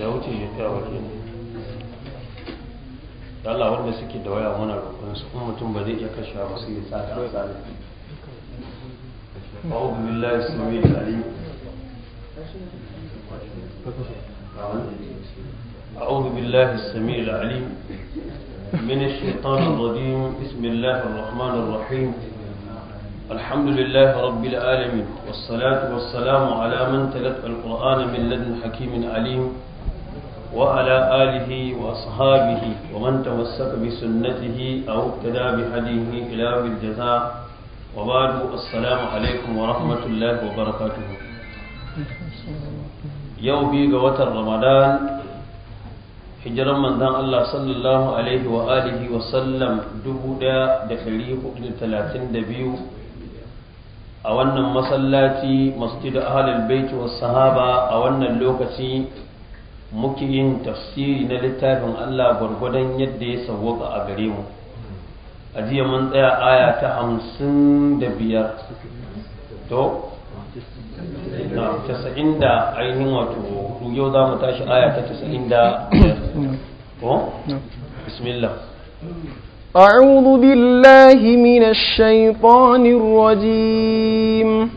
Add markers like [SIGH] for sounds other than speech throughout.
ya wuce ya waje ne Allah wanda suke da waya muna roƙon su kuma mutum ba zai iya kashe ba sai ya tsaka tsare أعوذ بالله السميع العليم أعوذ بالله السميع العليم من الشيطان الرجيم بسم الله الرحمن الرحيم الحمد لله رب العالمين والصلاة والسلام على من تلقى القرآن من لدن حكيم عليم وعلى آله وأصحابه ومن تمسك بسنته أو اقتدى بهديه إلى الجزاء وبعد السلام عليكم ورحمة الله وبركاته يوم قوة رمضان hijiran manzan Allah sallallahu Alaihi wa alihi wasallam 1432 a wannan masallaci masjid ahlul bait wa sahaba a wannan lokaci muke yin tafsiri na littafin Allah gwargwadon yadda ya sauwaka a gare mu a jiya mun tsaya aya ta hamsin da biyar to na tasa'in da ainihin wato yau za mu tashi aya ta tasa'in da ko bismillah أعوذ بالله من الشيطان الرجيم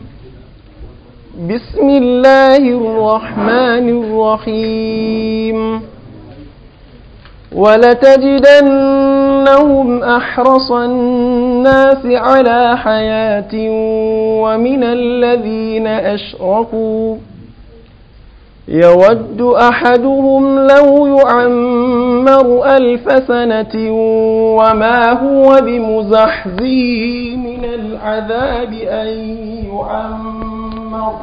بسم الله الرحمن الرحيم ولتجدنهم أحرص الناس على حياة ومن الذين أشركوا يود أحدهم لو يعمر ألف سنة وما هو بمزحزيه من العذاب أن يعمر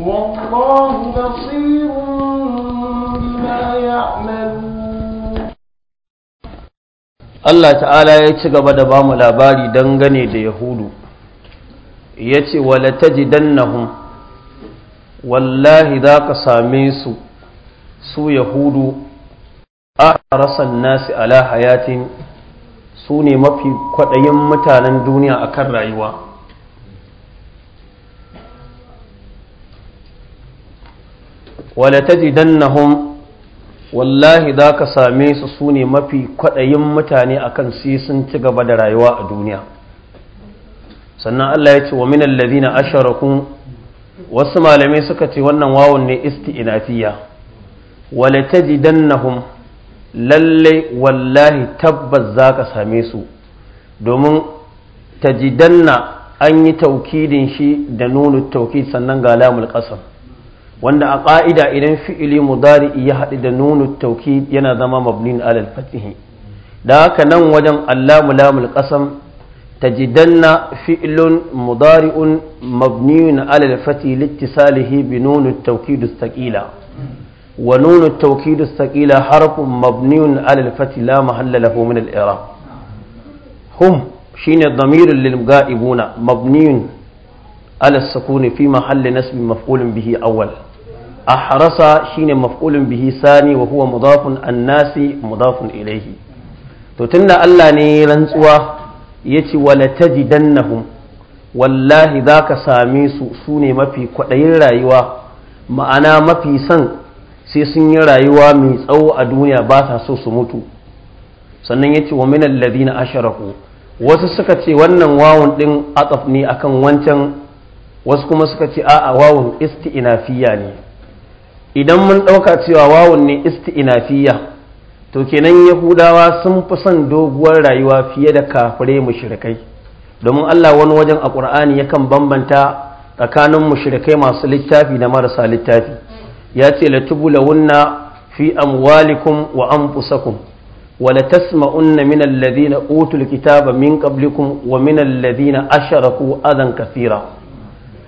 والله بصير بما يعملون الله تعالى يتشغب دبام الأباري دنغني ليهود يتي ولتجدنهم wallahi za ka same su su yahudu a rasan nasi ala hayatin su ne mafi kwaɗayin mutanen duniya akan rayuwa wale ta jidannahum wallahi za ka same su su ne mafi kwaɗayin mutane akan si sun ci gaba da rayuwa a duniya sannan allah ya ce wa minan ladina asharakun wasu malamai suka ce wannan wawon ne isti'inafiya wale ta tajidannahum lallai wallahi tabbas za ka same su domin ta tajidanna an yi taukidin shi da nuna taukid sannan ga lamul wanda a ƙa'ida idan fi'ili mudari ya haɗu da nuna taukid yana zama mabnin alal fatihi da haka nan wajen allamu lamul تجدن فعل مضارع مبني على الفتح لاتصاله بنون التوكيد الثقيلة ونون التوكيد الثقيلة حرف مبني على الفتح لا محل له من الإعراب هم شين ضمير للمغائبون مبني على السكون في محل نسب مفعول به أول أحرص شين مفعول به ثاني وهو مضاف الناس مضاف إليه تتن الله ني رنسوا ya ce wala tajidannahum wallahi za ka same su su ne mafi kwaɗayin rayuwa ma'ana mafi son sai sun yi rayuwa mai tsawo a duniya ba sa so su mutu sannan ya ce wa minan na asharaku wasu suka ce wannan wawun ɗin atsaf ne kan wancan wasu kuma suka ce a'a wawun isti'inafiya ne idan mun ɗauka cewa wawun ne isti'inafiya to kenan yahudawa sun fi son doguwar rayuwa fiye da kafirai mushrikai domin Allah wani wajen a Qur'ani yakan bambanta tsakanin mushrikai masu littafi da marasa littafi ya ce latubulawunna fi amwalikum wa anfusakum ولتسمعن من الذين أوتوا الكتاب من قبلكم ومن الذين أشركوا أذى كثيرا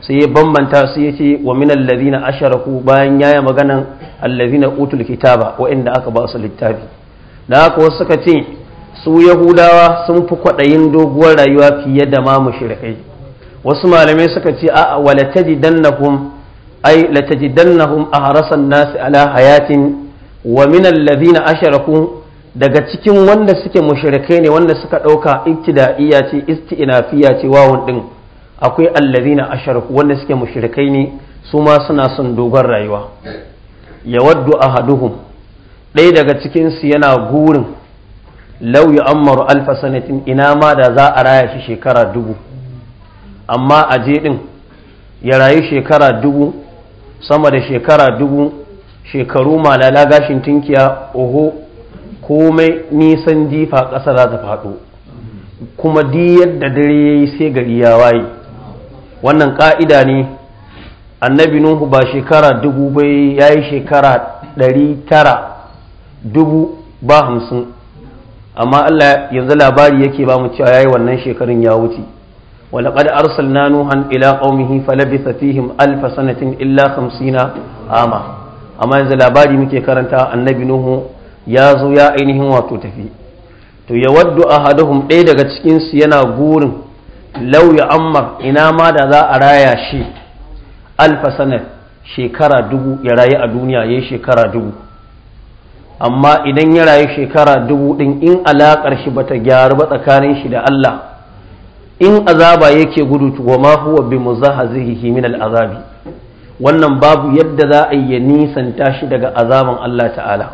sai bambanta su ya ce wa min alladhina asharaku bayan yaya maganan alladhina utul kitaba wa inda aka ba su littafi da haka suka ce su yahudawa sun fi kwaɗayin doguwar rayuwa fiye da ma mushrikai wasu malamai suka ce a wa latajidannahum ay latajidannahum ahrasan nasi ala hayatin wa min alladhina asharaku daga cikin wanda suke mushrikai ne wanda suka ɗauka ibtida'iyya ce fiya ce wawun din akwai allazina asharaku wanda suke mushrikai ne su ma suna son dogon rayuwa yawaddu ahaduhum ɗaya daga cikinsu yana gurin lauyi ammaru alfa sanatin ina ma da za a raya shi shekara dubu amma a je ɗin ya rayu shekara dubu sama da shekara dubu shekaru malala gashin tinkiya oho komai nisan jifa ƙasa za ta faɗo kuma di yadda dare ya yi sai gari ya waye wannan ƙa'ida ne annabi nuhu ba shekara dubu bai ya yi shekara ɗari tara dubu ba hamsin amma Allah yanzu labari yake ba mu cewa yayi wannan shekarun ya wuce arsalna nuhan ila qaumihi قومه fihim alf sanatin illa khamsina ama. Amma yanzu labari muke karanta annabi nuhu ya zo ya ainihin wato tafi. to ya waddu ahaduhum ɗaya daga cikin su yana gurin law ya amma ina ma da za a raya shi Alfasanat sanat shekara dubu ya rayu a duniya yayi shekara dubu amma idan ya rayu shekara dubu ɗin in alaƙar shi bata gyaru ba tsakanin shi da Allah in azaba yake gudu wa ma huwa bi muzahazihi min al'azabi wannan babu yadda za a yi nisanta shi daga azaban Allah ta'ala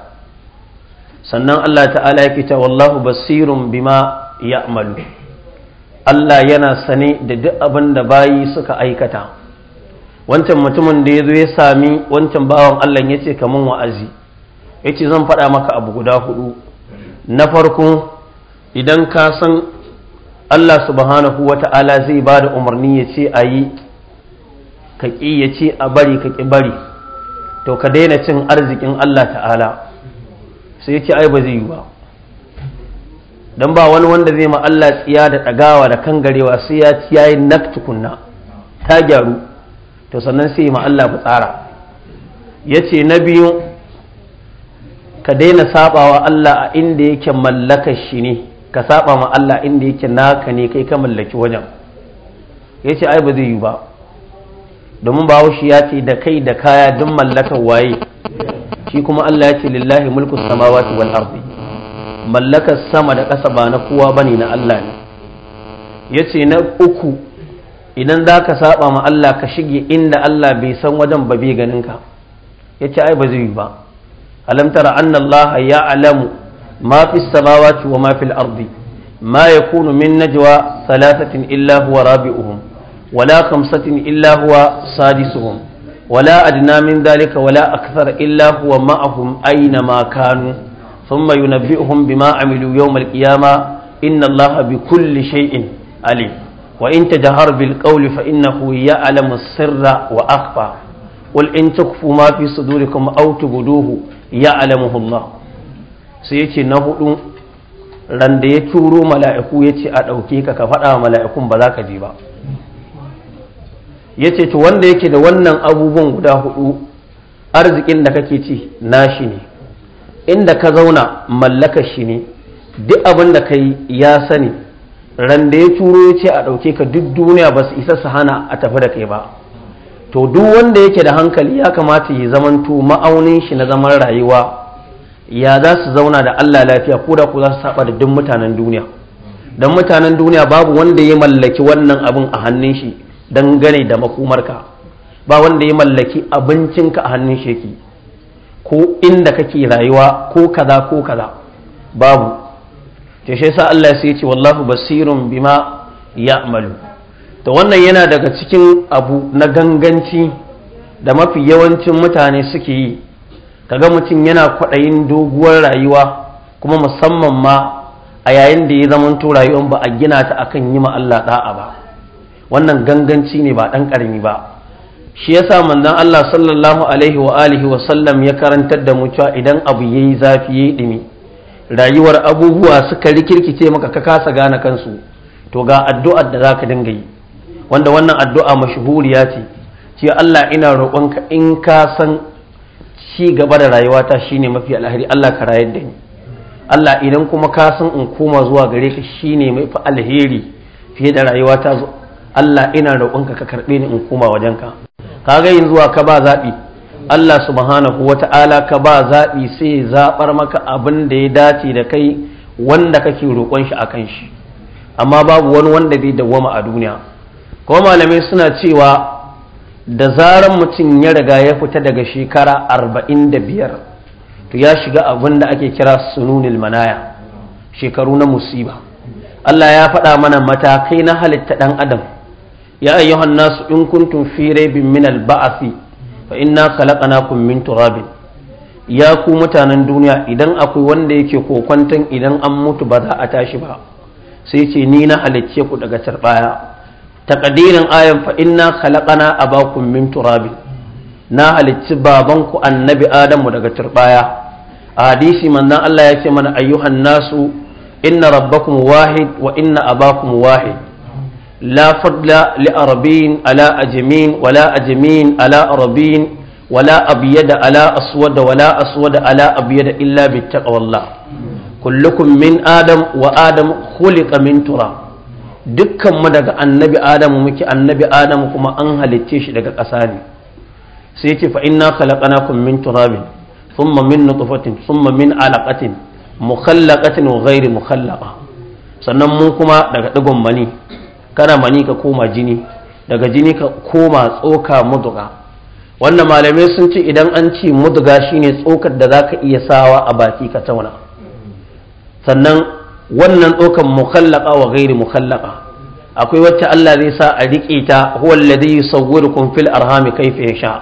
sannan Allah ta'ala ya ta wallahu basirun bima ya'malu Allah yana sane da duk abin da bayi suka aikata wancan mutumin da ya zo ya sami wancan bawan Allah ya ce kaman wa'azi yace zan faɗa maka abu guda hudu na farko idan ka san Allah subhanahu wa ta'ala zai ba da umarni ya ce a yi ka ƙi ya ce a bari ka ƙi bari to ka daina cin arzikin Allah ta'ala sai ya ce ai ba zai yi ba don ba wani wanda zai ma Allah tsiya da ɗagawa da kan garewa sai ya ci yayi nak tukunna ta gyaru to sannan sai ma Allah tsara ya ce na biyu ka daina sabawa Allah a inda yake mallaka shi ne ka saba ma Allah inda yake naka ne kai ka mallaki wajen Ya ce ai ba zai yi ba domin ba shi ya ce da kai da kaya duk mallakar waye shi kuma Allah ya ce lillahi mulku samawati wal ardi mallakar sama da ƙasa ba na kowa bane na Allah ne Ya ce na uku idan za ka saba ma Allah ka shige inda Allah bai san wajen ba bai ganin ka ce ai ba zai yi ba alam tara anna allaha ya'lamu ma fis samawati wa ma fil ardi ما يكون من نجوى ثلاثة إلا هو رابعهم ولا خمسة إلا هو سادسهم ولا أدنى من ذلك ولا أكثر إلا هو معهم أينما كانوا ثم ينبئهم بما عملوا يوم القيامة إن الله بكل شيء عليم وإن تجهر بالقول فإنه يعلم السر وأخفى qul in tukfu ma fi sudurikum aw ya ya'lamuhu Allah sai yace na hudu ran da ya turo mala'iku yace a dauke ka ka faɗa mala'ikun ba za ka je ba yace to wanda yake da wannan abubuwan guda hudu arzikin da kake ci nashi ne inda ka zauna mallaka shi ne duk abin da kai ya sani ran da ya turo ya ce a ɗauke ka duk duniya ba su isa su hana a tafi da kai ba to duk wanda yake da hankali ya kamata ya zamanto ma'aunin shi na zaman rayuwa ya za su zauna da Allah lafiya ko da ku za su saba da duk mutanen duniya don mutanen duniya babu wanda ya mallaki wannan abin a hannun shi don dangane da makomarka ba wanda ya mallaki abincinka a hannun shi yake ko inda kake rayuwa ko kaza ko kaza babu ta shi sa Allah sai ya ce wallahu basirun bima ya'malu to wannan yana daga cikin abu na ganganci da mafi yawancin mutane suke yi kaga mutum yana kwaɗayin doguwar rayuwa kuma musamman ma a yayin da ya zamanto rayuwar ba a gina ta akan yi ma Allah da'a ba wannan ganganci ne ba ɗan ƙarami ba shi yasa manzon Allah sallallahu alaihi wa alihi wa sallam ya karantar da mu cewa idan abu yayi zafi yayi dimi rayuwar abubuwa suka rikirkice maka ka kasa gane kansu to ga addu'ar da zaka dinga yi wanda wannan addu'a mashahuriya ce ce Allah ina roƙonka in ka san ci gaba da rayuwata shine mafi alhari. Allah ka rayar da ni Allah idan kuma ka san in koma zuwa gare ka shine mafi alheri fiye da rayuwata Allah ina roƙonka ka karɓe ni in koma wajen ka. Ka ga yin zuwa ka ba zaɓi Allah subhanahu wata'ala ka ba zaɓi sai zaɓar maka abin da ya dace da kai wanda kake roƙon shi a kan shi amma babu wani wanda zai dawwama a duniya ko malamai suna cewa da zaran mutum ya riga ya fita daga shekara arba'in da biyar to ya shiga abin da ake kira sununil manaya shekaru na musiba Allah ya faɗa mana matakai na halitta ɗan adam ya ayyuhan nasu in kuntum fi raibin min al ba'athi fa inna khalaqnakum min turabin ya ku mutanen duniya idan akwai wanda yake kokwantan idan an mutu ba za a tashi ba sai ce ni na halicce ku daga tarbaya takadirin ayan fa inna khalaqana abakum min turabi na halicci babanku annabi adamu daga turɓaya. a hadisi manzon Allah ya ce mana ayyuhan nasu inna rabbakum wahid wa inna abakum wahid la fadla li arabin ala ajmin wala ajmin ala arabin wala abyada ala aswad wala aswad ala abyada illa bittaqwallah kullukum min adam wa adam khuliqa min turab dukkanmu daga annabi adamu muke annabi adamu kuma an halicce shi daga ƙasa ne sai ce fa inna khalaqnakum min turabin thumma min nutfatin thumma min alaqatin mukhallaqatin wa ghairi mukhallaqa sannan mu kuma daga digon mani kana mani ka koma jini daga jini ka koma tsoka muduga wannan malamai sun ce idan an ce muduga shine tsokar da za ka iya sawa a baki ka tauna sannan wannan ɗaukan mukallaka wa gairi mukallaka akwai wacce Allah zai sa a riƙe ta huwa alladhi yusawwirukum fil arhami kayfa yasha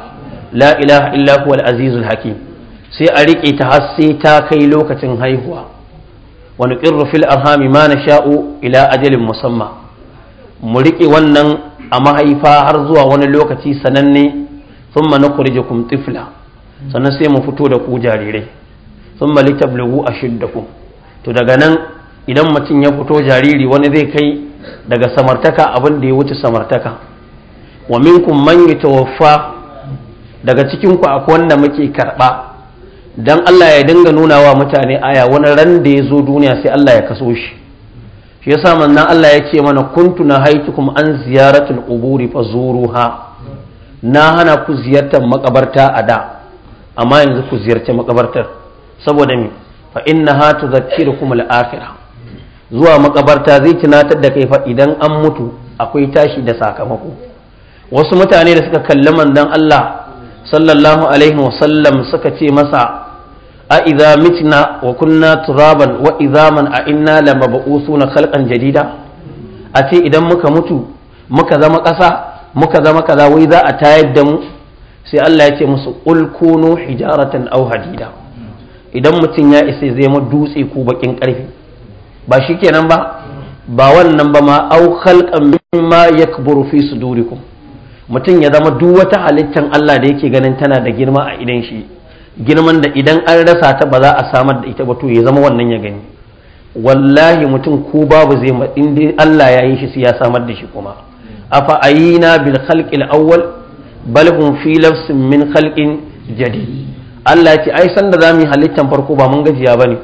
la ilaha illa huwa al-azizul hakim sai a riƙe ta har sai ta kai lokacin haihuwa wa nuqirru fil arhami ma nasha'u ila ajalin musamma mu riƙe wannan a mahaifa har zuwa wani lokaci sananne thumma nukhrijukum tifla sannan sai mu fito da ku jarirai thumma litablugu ashiddakum to daga nan idan mutum ya fito jariri wani zai kai daga samartaka abin da ya wuce samartaka wa minkum man yatawaffa daga cikin ku akwai wanda muke karɓa. dan Allah ya dinga nuna wa mutane aya wani ran da ya zo duniya sai Allah ya kaso shi shi yasa manzon Allah ya ce mana kuntu kuma an ziyaratul quburi fazuruha na hana ku ziyartar makabarta a da amma yanzu ku ziyarci makabartar saboda me fa innaha tudhakkirukum al-akhirah zuwa makabarta zai tunatar da kai fa idan an mutu akwai tashi da sakamako wasu mutane da suka kalli mandan Allah sallallahu alaihi sallam suka ce masa a idza mitna wa kunna turaban wa idzaman a inna lamab'usuna khalqan jadida a ce idan muka mutu muka zama ƙasa muka zama kaza wai za a tayar da mu sai Allah ya ce musu qul kunu hijaratan aw hadida idan mutum ya isa zai ma dutse ko bakin karfi ba shi kenan ba ba wannan ba ma au khalqan mimma yakburu fi sudurikum mutum ya zama duk wata halittar Allah da yake ganin tana da girma a idan shi girman da idan an rasa ta ba za a samar da ita ba to ya zama wannan ya gani wallahi mutum ko babu zai in dai Allah ya yi shi sai ya samar da shi kuma afa ayina bil khalqil awwal bal hum fi lafsin min khalqin jadid Allah ya ce ai san da zamu yi halittar farko ba mun gajiya bane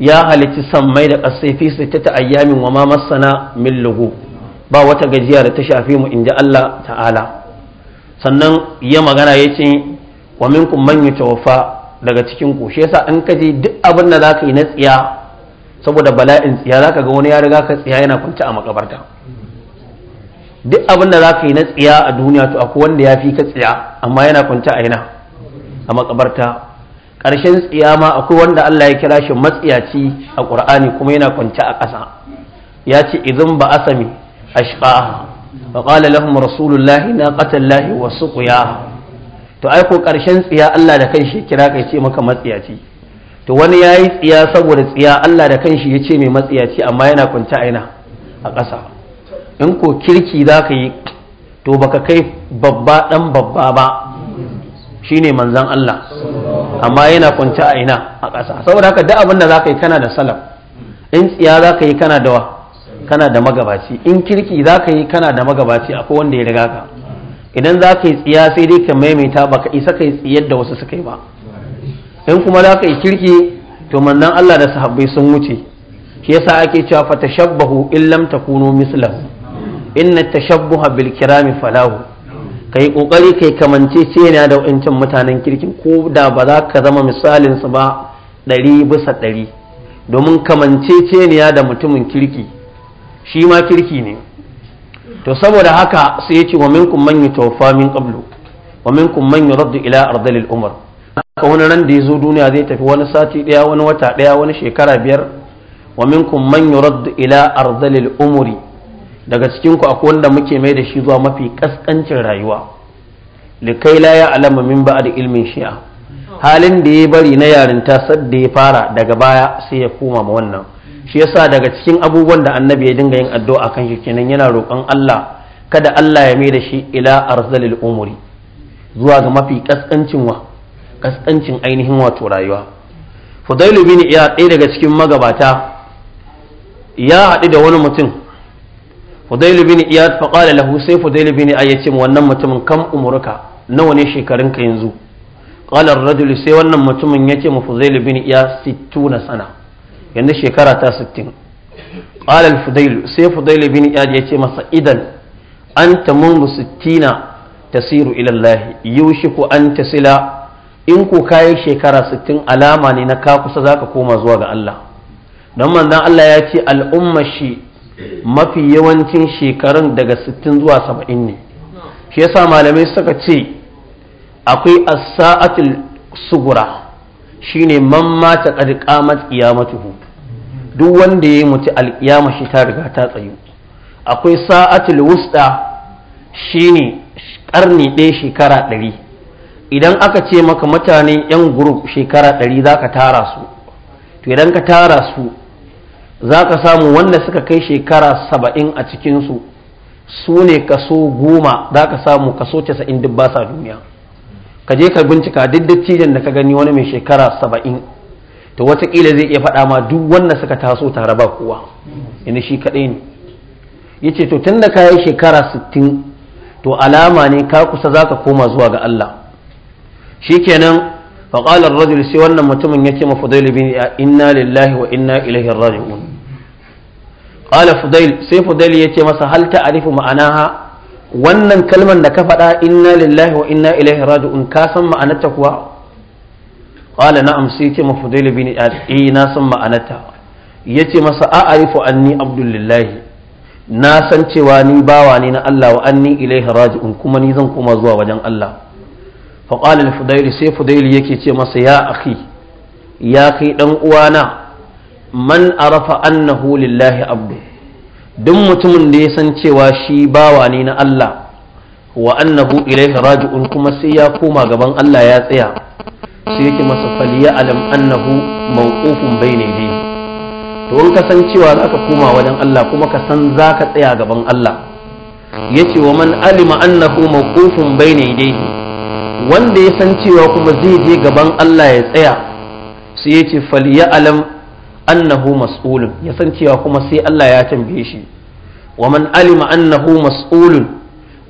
ya halitti sammai da ƙasai fi ta ayyamin wa ma masana min lugu ba wata gajiya da ta shafi mu ji Allah ta'ala sannan ya magana ya ce wa minkum man yutawaffa daga cikin ku shi yasa in ka je duk abin da zaka yi na tsiya saboda bala'in tsiya zaka ga wani ya riga ka tsiya yana kwanta a makabarta duk abin da zaka yi na tsiya a duniya to akwai wanda ya fi ka tsiya amma yana kwanta a ina a makabarta ƙarshen tsiyama akwai wanda Allah ya kira shi matsiyaci a ƙur'ani kuma yana kwance a ƙasa ya ce idan ba asami ashqaha fa ƙala lahum rasulullahi wasu wa suqiyaha to ai ko ƙarshen tsiya Allah da kanshi kira kai ce maka matsiyaci to wani ya yi tsiya saboda tsiya Allah da kanshi ya ce mai matsiyaci amma yana a ina a ƙasa in ko kirki za ka yi to baka kai babba ɗan babba ba shine manzon Allah amma yana kwance a ina a ƙasa saboda haka duk abin da zaka yi kana da salaf in tsiya za ka yi kana da kana da magabaci in kirki za ka yi kana da magabaci akwai wanda ya riga ka idan za ka yi tsiya sai dai ka maimaita ba ka isa ka yi tsiyar da wasu suka yi ba in kuma za ka yi kirki to mannan Allah da sahabbai sun wuce shi yasa ake cewa fa in illam takunu mislahu inna tashabbuha bil kirami falahu Ka ƙoƙari ƙoƙari kai kamance ce da wancan mutanen kirki, ko da ba za ka zama misalin su ba ɗari bisa ɗari domin kamance ce da mutumin kirki shi ma kirki ne to saboda haka sai ya ce wa min kun man taufa min ƙablu? wa min kun man raddu ila ardalil umar Ka wani ran da ya zo duniya zai tafi wani sati ɗaya, wani wata ɗaya, wani shekara biyar wa min kun man raddu ila ardalil umri daga cikin ku akwai wanda muke mai da shi zuwa mafi kaskancin rayuwa likai la ya alama min da ilmin shi'a halin da ya bari na yarinta sadda ya fara daga baya sai ya koma ma wannan shi yasa daga cikin abubuwan da annabi ya dinga yin addu'a kan shi kenan yana roƙon Allah kada Allah ya mai da shi ila arzalil umuri zuwa ga mafi kaskancin wa kaskancin ainihin wato rayuwa fudailu bin iya ɗaya daga cikin magabata ya haɗu da wani mutum fudailu bin fa qala lahu sai fudailu bin iyad yace wannan mutumin kam umurka nawa ne shekarun yanzu Ƙalar ar sai wannan mutumin yace mu fudailu bin iyad 60 sana yanzu shekara ta 60 qala al sai fudailu bin iyad yace masa idan anta mundu 60 tasiru ilallahi. Allah yushiku an tasila in ko kayi shekara sittin, alama ne na ka kusa zaka koma zuwa ga Allah don manzon Allah ya ce al'ummar shi mafi yawancin shekarun daga 60 zuwa 70 ne shi yasa malamai suka ce akwai as-sa'atul sugura shine man mata qad qamat qiyamatuhu duk wanda ya mutu alƙiyama shi ta riga ta tsayu akwai sa'atul wusta shine karni ɗaya shekara ɗari idan aka ce maka mutane yan guruf shekara ɗari za ka tara su to idan ka tara su za ka samu wanda suka kai shekara saba'in a cikinsu su ne kaso goma za ka samu kaso casa'in duk ba sa duniya ka je ka bincika duk dattijan da ka gani wani mai shekara saba'in to watakila zai iya faɗa ma duk wanda suka taso tare ba kowa yana shi kaɗai ne ya ce to tun da ka yi shekara sittin to alama ne ka kusa za ka koma zuwa ga Allah shikenan فقال الرجل سي wannan mutumin yace ma Fudail bin inna lillahi wa inna ilaihi raji'un qala Fudail sai Fudail yace masa hal ta'rifu ma'anaha wannan kalman da ka faɗa inna lillahi wa inna ilaihi raji'un ka san ma'anarta kuwa qala na'am sai yace ma Fudail bin eh na san ma'anarta yace masa a'rifu anni abdullahi na san cewa ni bawa ne na Allah wa anni ilaihi raji'un kuma ni zan koma zuwa wajen Allah فقال الفضيل سي فضيل يكي تي مس يا أخي يا أخي دم أوانا من عرف أنه لله عبد دم متمن دي سنتي واشي باواني نا الله وأنه إليه راجع كما سي كوما غبان الله يا تيا sai yake masa faliya alam annahu mawqufun bayne ne to in ka san cewa zaka koma wajen Allah kuma ka san zaka tsaya gaban Allah yace wa man alima annahu mawqufun bayne wanda ya san cewa kuma zai je gaban Allah ya tsaya sai ya ce alam annahu mas'ulun ya san cewa kuma sai Allah ya tambaye shi wa man alima annahu mas'ulun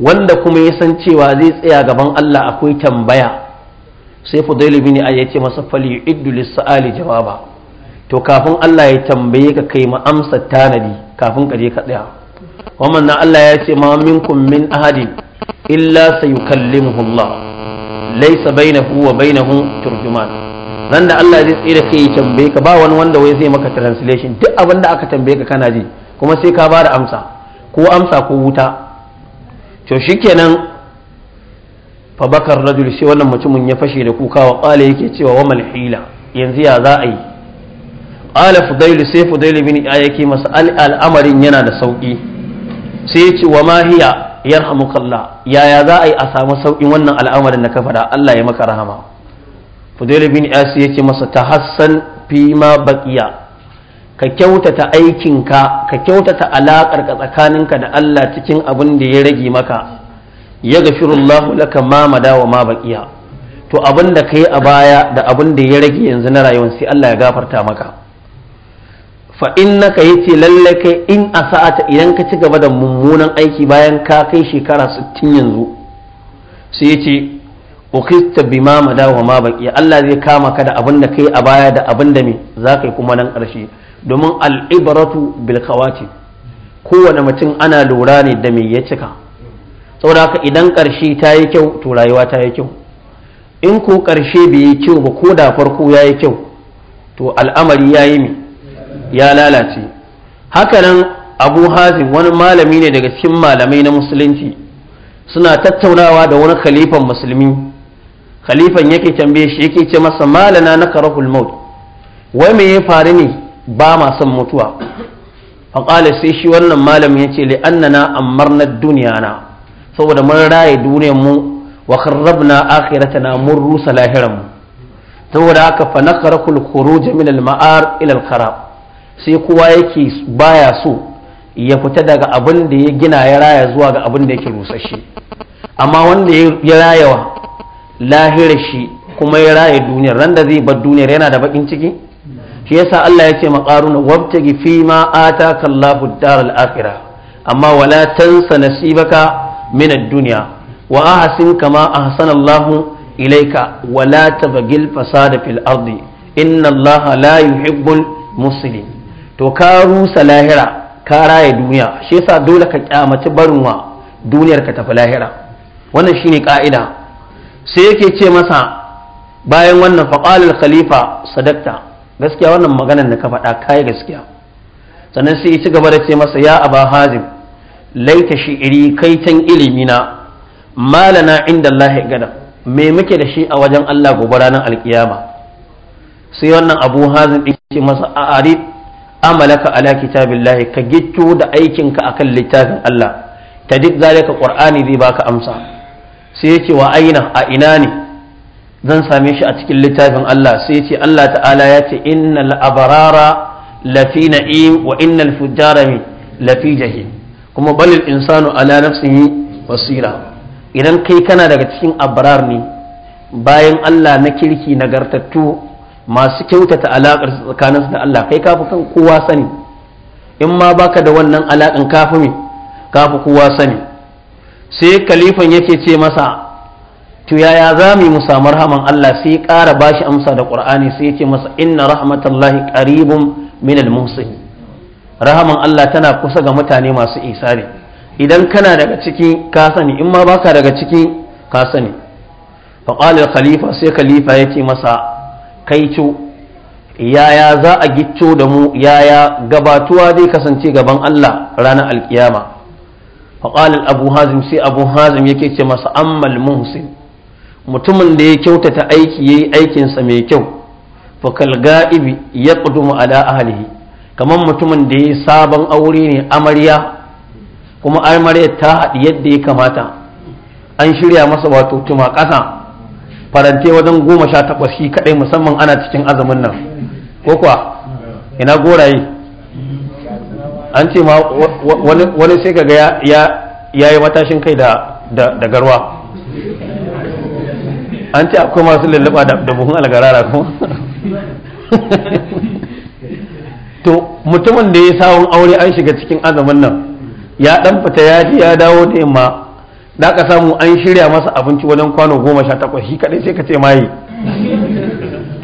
wanda kuma ya san cewa zai tsaya gaban Allah akwai tambaya sai Fudail bin a ya ce masa faliyiddu lis lis'ali jawaba to kafin Allah ya tambaye ka kai ma amsa tanadi kafin ka je ka tsaya na Allah ya ce ma minkum min ahadin illa sayukallimuhullah laisa bainahu wa bainahu turjuman ran da Allah zai tsira kai ya tambaye ka ba wani wanda wai zai maka translation duk abin da aka tambaye ka kana ji kuma sai ka ba da amsa ko amsa ko wuta to shikenan fa bakar rajul sai wannan mutumin ya fashe da kuka wa qala yake cewa wa malhila yanzu ya za a yi qala fudail sai fudail bin ayyaki yake al al'amarin yana da sauki sai ya ce wa mahiya yarhamukallah yaya za a yi a samu sauƙin wannan al'amarin na ka faɗa Allah ya maka rahama fudail bin asi yake masa ta Hassan fi ma baƙiya. ka kyautata aikinka ka kyautata alaƙar ka tsakaninka da Allah cikin abin da ya rage maka ya gafirullahu laka ma wa ma baƙiya. to abin da kai a baya da abin da ya rage yanzu na rayuwa sai Allah ya gafarta maka fa innaka yace lalle kai in a asa'ata idan ka ci gaba da mummunan aiki bayan ka kai shekara sittin yanzu sai yace uqista bima mada wa ma baqi Allah zai kama ka da abin da kai a baya da abin da me zaka yi kuma nan karshe domin al bilkawati bil kowane mutum ana lura ne da me ya cika saboda haka idan ƙarshe ta yi kyau to rayuwa ta yi kyau in ko ƙarshe bai yi kyau ba ko da farko ya yi kyau to al'amari ya yi mai ya lalace hakanan abu hazim wani malami ne daga cikin malamai na musulunci suna tattaunawa da wani khalifan musulmi khalifan yake tambaye shi yake ce masa malana na karahul maut wai me ya faru ne ba ma son mutuwa faƙala sai shi wannan malamin ya ce amma na duniya na saboda mun raye duniyar mu wa kharrabna akhiratana mun rusa lahiran mu saboda haka fa nakharakul khuruj min al ma'ar ila al kharab sai kowa yake baya so ya fita daga abin da ya gina ya raya zuwa ga abin da yake rusashe amma wanda ya rayawa lahirar shi kuma ya raya duniyar ran da zai bar duniyar yana da bakin ciki shi yasa Allah ya ce maqaruna wabtagi fi ma ataka Allahu daral akhirah amma wala tansa nasibaka min ad-dunya wa ahsin kama ahsana Allahu ilayka wala tabghil fasada fil ardi inna Allah la yuhibbul muslimin to ka rusa lahira ka raya duniya shi yasa dole ka kyamaci barin wa duniyar ka tafi lahira wannan shine ka'ida sai yake ce masa bayan wannan al khalifa sadakta gaskiya wannan maganar da ka faɗa kai gaskiya sannan sai ya ci gaba da ce masa ya aba hazim laita shi'iri kaitan na. malana inda Allah gada me muke da shi a wajen Allah gobe ranar alkiyama sai wannan abu hazin ɗin ce masa a arif amalaka ala kitabillahi ka gicco da aikinka akan littafin Allah ta duk zalika qur'ani zai baka amsa sai yace wa aina a ina ne zan same shi a cikin littafin Allah sai yace Allah ta'ala ya ce innal abarara lafi na'im wa innal fujjara lafi jahim kuma balil insanu ala nafsihi basira idan kai kana daga cikin abrar ne bayan Allah na kirki nagartattu masu kyautata alaƙar tsakaninsu da Allah kai kafi kan kowa sani in ma baka da wannan alaƙan kafi me kafi kowa sani sai kalifan yake ce masa to yaya za mu mu samu rahaman Allah sai ƙara bashi amsa da Qur'ani sai yake masa inna rahmatullahi qaribun minal muhsin rahaman Allah tana kusa ga mutane masu isari idan kana daga ciki ka sani in ma baka daga ciki ka sani al khalifa sai khalifa ya masa kaito yaya za a gicco da mu yaya gabatuwa zai kasance gaban Allah ranar alkiyama faƙal abu hazim sai abu hazim yake ce masa ammal muhsin mutumin da ya kyautata aiki yayi aikinsa mai kyau fakal ga'ibi ya ƙudumu ala ahlihi kamar mutumin da ya sabon aure ne amarya kuma amarya ta haɗi yadda ya kamata an shirya masa wato tuma ƙasa farante wajen goma sha takwas shi kadai musamman ana cikin azumin nan ko kuwa ina goraye an ce ma wani sai kaga ya yi matashin kai da garwa an ce akwai masu lullaba da buhun algarara ko [LAUGHS] to mutumin da ya yi sawun aure an shiga cikin azumin nan ya ɗan fita ya ji ya dawo da yamma da ka samu an shirya masa abinci wajen kwano goma sha takwas shi kaɗai sai ka ce maye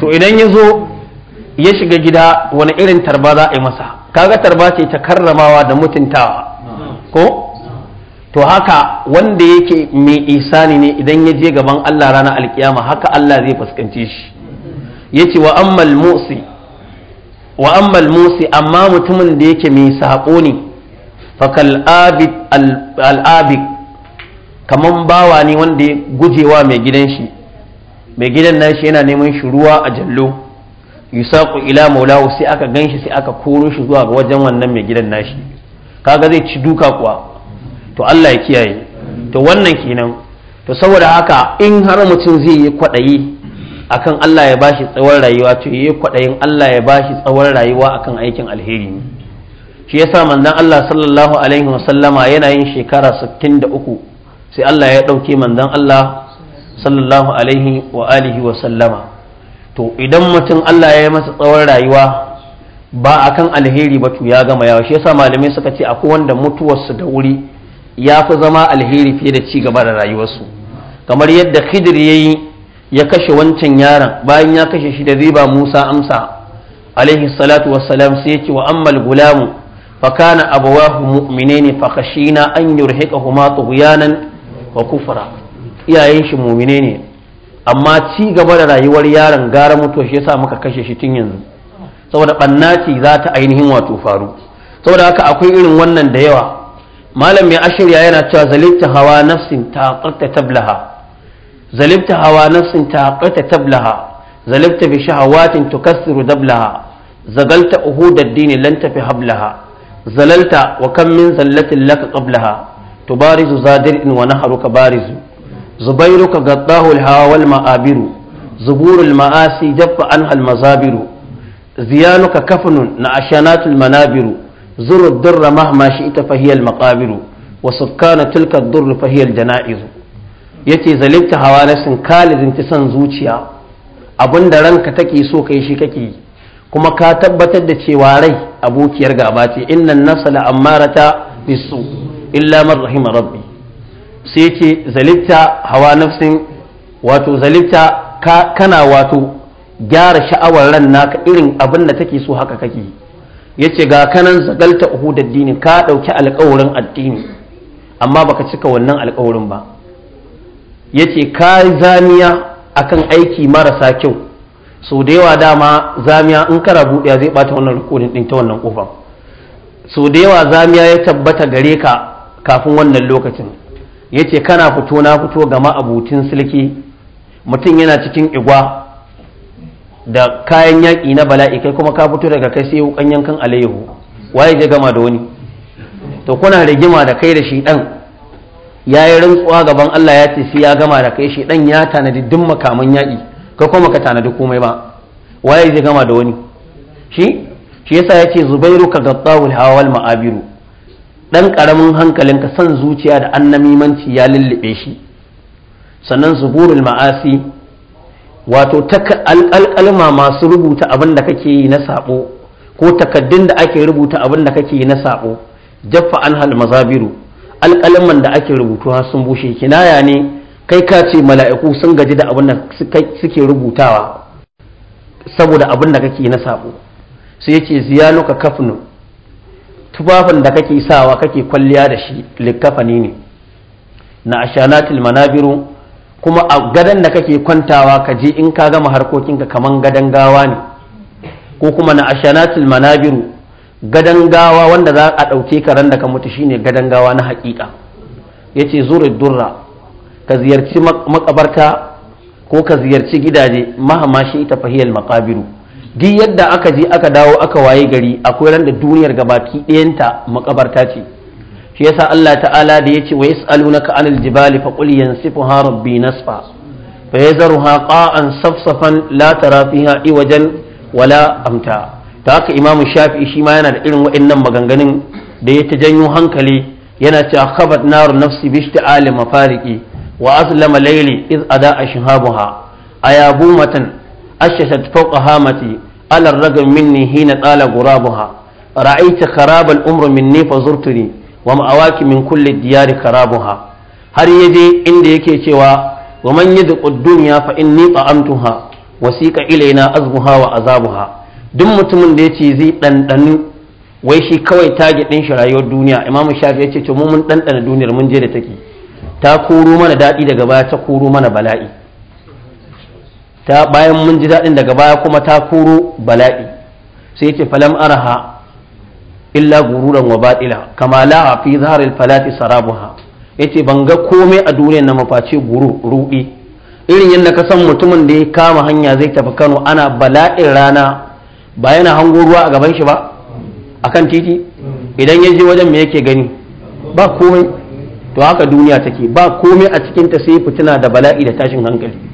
to idan ya zo ya shiga gida wani irin tarba za a yi masa kaga tarba ce ta karramawa da mutuntawa ko to haka wanda yake mai isani ne idan ya je gaban Allah rana alkiyama haka Allah zai fuskanci shi yace wa ammal wa ammal amma mutumin da yake mai saƙo ne fakal abid al kamar bawa ne wanda ya gujewa mai gidan shi mai gidan nashi yana neman shi ruwa a jallo yusaku ila maulahu sai aka ganshi sai aka koro shi zuwa ga wajen wannan mai gidan nashi kaga zai ci duka kuwa to Allah ya kiyaye to wannan kenan to saboda haka in har mutum zai yi kwaɗayi akan Allah ya bashi tsawon rayuwa to yi kwaɗayin Allah ya bashi tsawon rayuwa akan aikin alheri shi yasa manzon Allah sallallahu alaihi wasallama yana yin shekara 63 sai Allah ya ɗauke manzon Allah sallallahu alaihi wa alihi wa sallama to idan mutum Allah ya yi masa tsawon rayuwa ba a kan alheri ba to ya gama yawa shi yasa malamai suka ce akwai wanda mutuwarsu da wuri ya fi zama alheri fiye da ci gaba da rayuwarsu kamar yadda Khidir ya yi ya kashe wancan yaron bayan ya kashe shi da riba Musa amsa alaihi salatu wassalam sai yake wa ammal gulamu fa kana abawahu mu'minaini fa khashina an yurhiqahuma tughyanan wa iyayen shi mumine ne amma ci gaba da rayuwar yaron gara mutuwa shi yasa muka kashe shi tun yanzu saboda bannaci za ta ainihin wato faru saboda haka akwai irin wannan da yawa malam mai ashirya yana cewa zalibta hawa nafsin ta qatta tablaha zalibta hawa nafsin ta qatta tablaha zalibta bi shahawatin tukassiru dablaha zagalta uhudad dini lan tafi hablaha zalalta wa kam min zallatin laka qablaha تبارز زادر ونهرك بارز زبيرك غطاه الهوى والمآبر زبور المآسي جف عنها المزابر زيانك كفن نعشانات المنابر زر الدر مهما شئت فهي المقابر وسكان تلك الدر فهي الجنائز yace zalibta hawalasin kalizin ta san zuciya abin da ranka take so kai shi kake yi kuma ka tabbatar da cewa rai abokiyar gaba ce innan nasa la ammarata bisu illa man rahima rabbi sai ce zalitta hawa nafsin wato ka kana wato gyara sha'awar ran naka irin abin da take so haka kake yace ga kanan zagalta uhud dini ka dauki alƙawarin addini amma baka cika wannan alƙawarin ba yace ka zamiya akan aiki marasa kyau so da yawa dama zamiya in kana buɗe zai bata wannan rukunin din ta wannan kofa so da yawa zamiya ya tabbata gare ka kafin wannan lokacin ya ce kana fito na fito gama abutin silki mutum yana cikin igwa da kayan yaƙi na bala'i kai kuma ka fito daga kai sai wukan yankan alayyahu waye zai gama da wani to kuna rigima da kai da shi ɗan ya yi rantsuwa gaban Allah ya ce sai ya gama da kai shi ɗan ya tanadi duk makaman yaƙi kai kuma ka tanadi komai ba waye zai gama da wani shi shi yasa ya zubairu ka gaddawul hawal ma'abiru ɗan ƙaramin hankalin ka son zuciya da annamimanci ya lullube shi sannan zuburul ma'asi wato alƙalƙalma masu rubuta abin da kake yi na saɓo ko takaddun da ake rubuta abin da kake yi na saɓo jaffa an hal mazabiru alƙalman da ake rubutu har sun bushe kinaya ne kai ka ce mala'iku sun gaji da abin da suke rubutawa saboda abin da kake yi na sabo sai yace ziyanuka kafnu tufafin da kake sawa kake kwalliya da shi likkafani ne na ashanatil manabiru kuma a gadon da kake kwantawa ka je in ka gama harkokinka kaman gadon gawa ne ko kuma na ashanatil manabiru gadon gawa wanda za a ɗauke ka ran da ka mutu shine gadon gawa na haƙiƙa ce zuri durra ka ziyarci makabarta ko ka ziyarci gidaje mahama shi ita fahiyar maƙabiru. duk yadda aka je aka dawo aka waye gari akwai ran da duniyar gabaki ɗayanta makabarta ce shi yasa Allah ta'ala da yace wa yas'alunaka anil jibali fa qul yansifuha rabbi nasfa fa yazruha qa'an safsafan la tara fiha iwajan wala amta ta haka imamu shafi'i shi ma yana da irin waɗannan maganganun da ya ta janyo hankali yana cewa khabat naru nafsi ali mafariki wa azlama layli iz ada ashhabuha matan أشست فوق هامتي على الرغم مني حين طال غرابها رأيت خراب zurtuni, wa فزرتني ومأواك من كل الديار خرابها har ya je inda yake cewa wa man yadqu dunya fa inni amtuha, wasiqa ilaina azmuha azabuha duk mutumin da yace zai dandanu wai shi kawai target din shi rayuwar duniya imam shafi yace to mu mun dandana duniyar mun je da take ta koro mana daɗi daga baya ta koro mana bala'i ta bayan mun ji daɗin daga baya kuma ta koro bala'i sai ce falam araha illa gururan wa batila kama la'a fi zaharil falati sarabuha yace ban ga komai a duniyar na mafaci guru ruɗi irin yadda ka san mutumin da ya kama hanya zai tafi Kano ana bala'in rana ba yana hango ruwa a gaban shi ba akan titi idan ya je wajen me yake gani ba komai to haka duniya take ba komai a cikinta sai fitina da bala'i da tashin hankali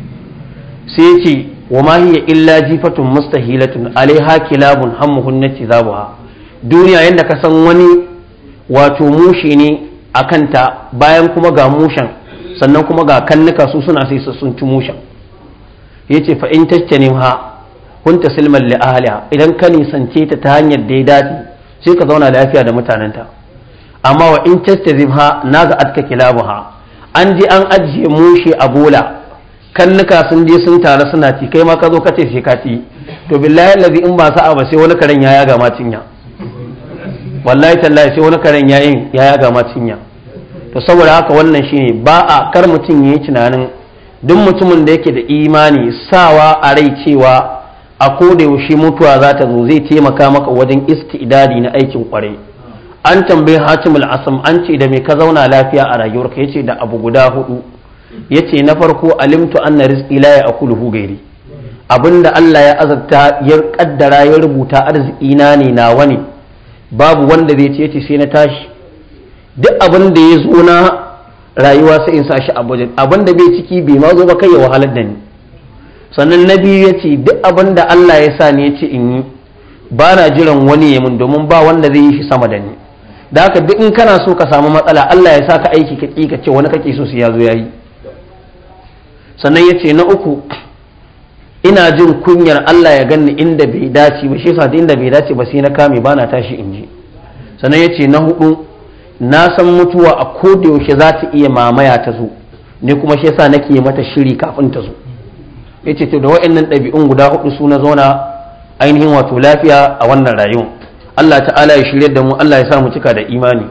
sai ce wa ma hiya illa jifatun mustahilatun alaiha kilabun hammuhun natizabuha duniya yanda ka san wani wato mushi ne a kanta bayan kuma ga mushen sannan kuma ga kannuka su suna sai su sun ci mushen yace fa in kun ta silman li idan ka nisance ta ta hanyar da ya dace sai ka zauna lafiya da mutanenta amma wa in ga adka kilabu ha an ji an ajiye mushe a bola kannuka sun je sun taru suna ci kai ma ka zo ka ce sai ka ci to billahi allazi in ba sa'a ba sai wani karen ya yaga ma cinya wallahi tallahi sai wani karen ya ya yaga ma cinya to saboda haka wannan shine ba a kar mutum yayi tunanin duk mutumin da yake da imani sawa a rai cewa a koda yaushe mutuwa za ta zo zai taimaka maka wajen istidadi na aikin kwarai an tambayi hatimul asam an ce da me ka zauna lafiya a rayuwarka yace da abu guda hudu yace na farko alimtu anna rizqi la ya'kuluhu gairi abinda Allah ya azabta ya kaddara ya rubuta arziki na ne nawa ne babu wanda zai ce yace sai na tashi duk abinda ya zo na rayuwa sai in sa shi a budget abinda bai ciki bai ma zo ba kai ya wahalar da ni sannan na biyu ya ce duk abinda Allah ya sa ni ya ce in yi ba na jiran wani ya mun domin ba wanda zai yi shi sama da ni da haka duk in kana so ka samu matsala Allah ya sa ka aiki ka ƙi ka ce wani kake so su ya zo ya yi sannan ya ce na uku ina jin kunyar Allah ya ganni inda bai dace ba shi yasa inda bai dace ba sai na kame bana tashi in ji sannan ya ce na hudu na san mutuwa a koda yaushe za ta iya mamaya ta zo ne kuma shi yasa nake mata shiri kafin ta zo ce to da waɗannan ɗabi'un guda hudu su na zauna ainihin wato lafiya a wannan rayuwa Allah ta'ala ya shirye da mu Allah ya sa mu cika da imani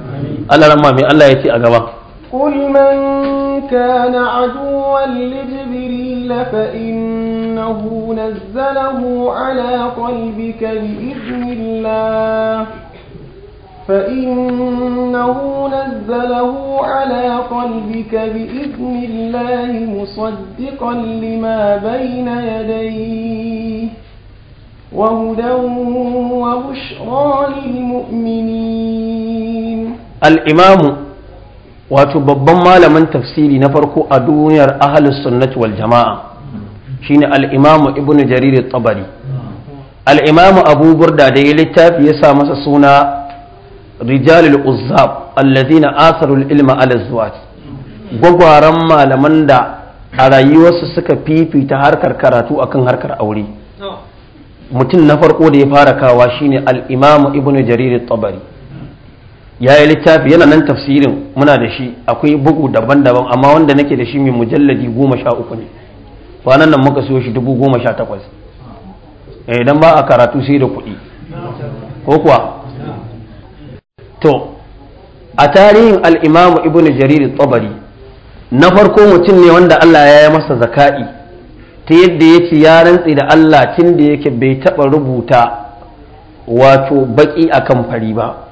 Allah ramma mai Allah ya ce a gaba قل من كان عدوا لجبريل فإنه نزله على قلبك بإذن الله فإنه نزله على قلبك بإذن الله مصدقا لما بين يديه وهدى وبشرى للمؤمنين الإمام wato babban malamin tafsiri na farko a duniyar ahalus sunnati wal jama'a shine al-imamu ibn jarir tabari al-imamu abu burda da ya littafi ya sa masa suna rijalul uzzab alladhina atharul ilma ala zuwat gwagwaran malaman da a rayuwarsu suka fifita harkar karatu akan harkar aure mutum na farko da ya fara kawa shine al-imamu ibn jarir tabari ya yi littafi yana nan tafsirin muna da shi akwai bugu daban-daban amma wanda nake da shi mai mujalladi goma sha uku ne kwanan nan muka siyo shi dubu goma sha takwas eh, idan ba a karatu sai da kuɗi ko kuwa to a tarihin al'imamu ibn jarir tsobari na farko mutum ne wanda allah ya yi masa zaka'i ta yadda ya ce ya rantsi da allah tun da yake bai taɓa rubuta wato baƙi a kan fari ba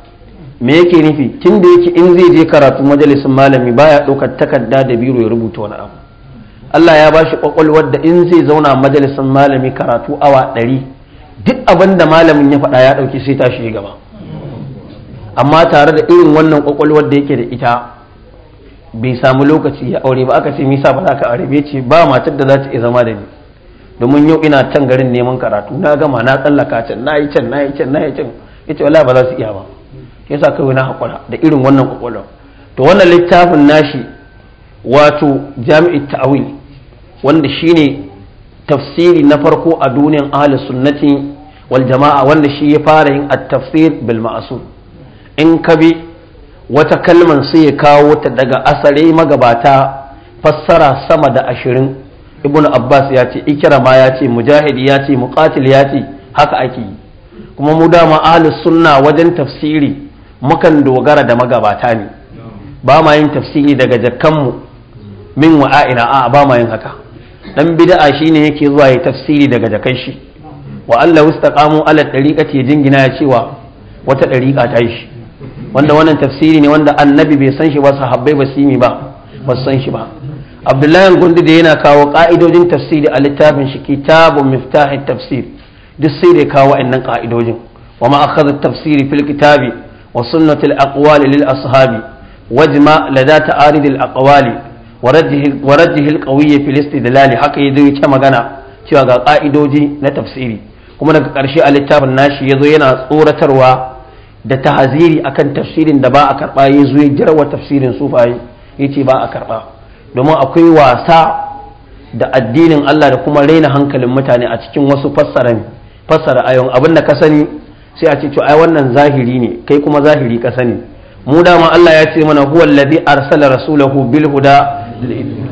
me yake nufi tun da yake in zai je karatu majalisin malami baya ɗaukar takarda da biro ya rubuta wani abu Allah ya bashi kwakwalwar da in zai zauna majalisin malami karatu awa ɗari duk abin da malamin ya faɗa ya ɗauki sai ta shi gaba amma tare da irin wannan kwakwalwar da yake da ita bai samu lokaci ya aure ba aka ce misa ba za ka aure ce ba matar da za ta zama da ni domin yau ina can garin neman karatu na gama na tsallaka can na yi can na yi can na yi can ita wala ba za su iya ba yasa kawai na haƙura da irin wannan kwakwalwa to wannan littafin nashi wato jami'i ta'awil wanda shine tafsiri na farko a duniyan ahli sunnati wal jama'a wanda shi ya fara yin at-tafsir bil ma'sum in ka bi wata kalman sai ya kawo ta daga asare magabata fassara sama da ashirin ibnu abbas ya ce ma ya ce mujahid ya ce muqatil ya ce haka ake yi kuma mu dama ahli sunna wajen tafsiri mukan dogara da magabata ne ba ma yin tafsiri daga jakkanmu min wa'a'ina a ba ma yin haka dan bid'a shine yake zuwa ya tafsiri daga jakan shi wa Allah wastaqamu ala tariqati jingina ya cewa wata tariqa ta shi wanda wannan tafsiri ne wanda annabi bai san shi ba sahabbai ba simi ba ba san shi ba Abdullahi Gundu da yana kawo ka'idojin tafsiri a littafin shi kitabun miftahi tafsir duk sai da kawo wa'annan ka'idojin wa ma akhadha tafsiri fil kitabi وسنة الأقوال للأصحاب واجمع لدى تعارض الأقوال ورده, ورده القوي في الاستدلال حق ya كما magana cewa ga ƙa'idoji na tafsiri kuma daga ƙarshe a littafin nashi ya zo yana tsoratarwa da tahaziri akan tafsirin da ba a karɓa ya zo ya jarwa tafsirin sufaye ya ba a karɓa domin akwai wasa da addinin Allah da kuma raina hankalin mutane a cikin wasu fassara ayon abin da ka sani sai a ce to ai wannan zahiri ne kai kuma zahiri ka sani mu dama Allah ya ce mana huwa alladhi arsala rasulahu bil huda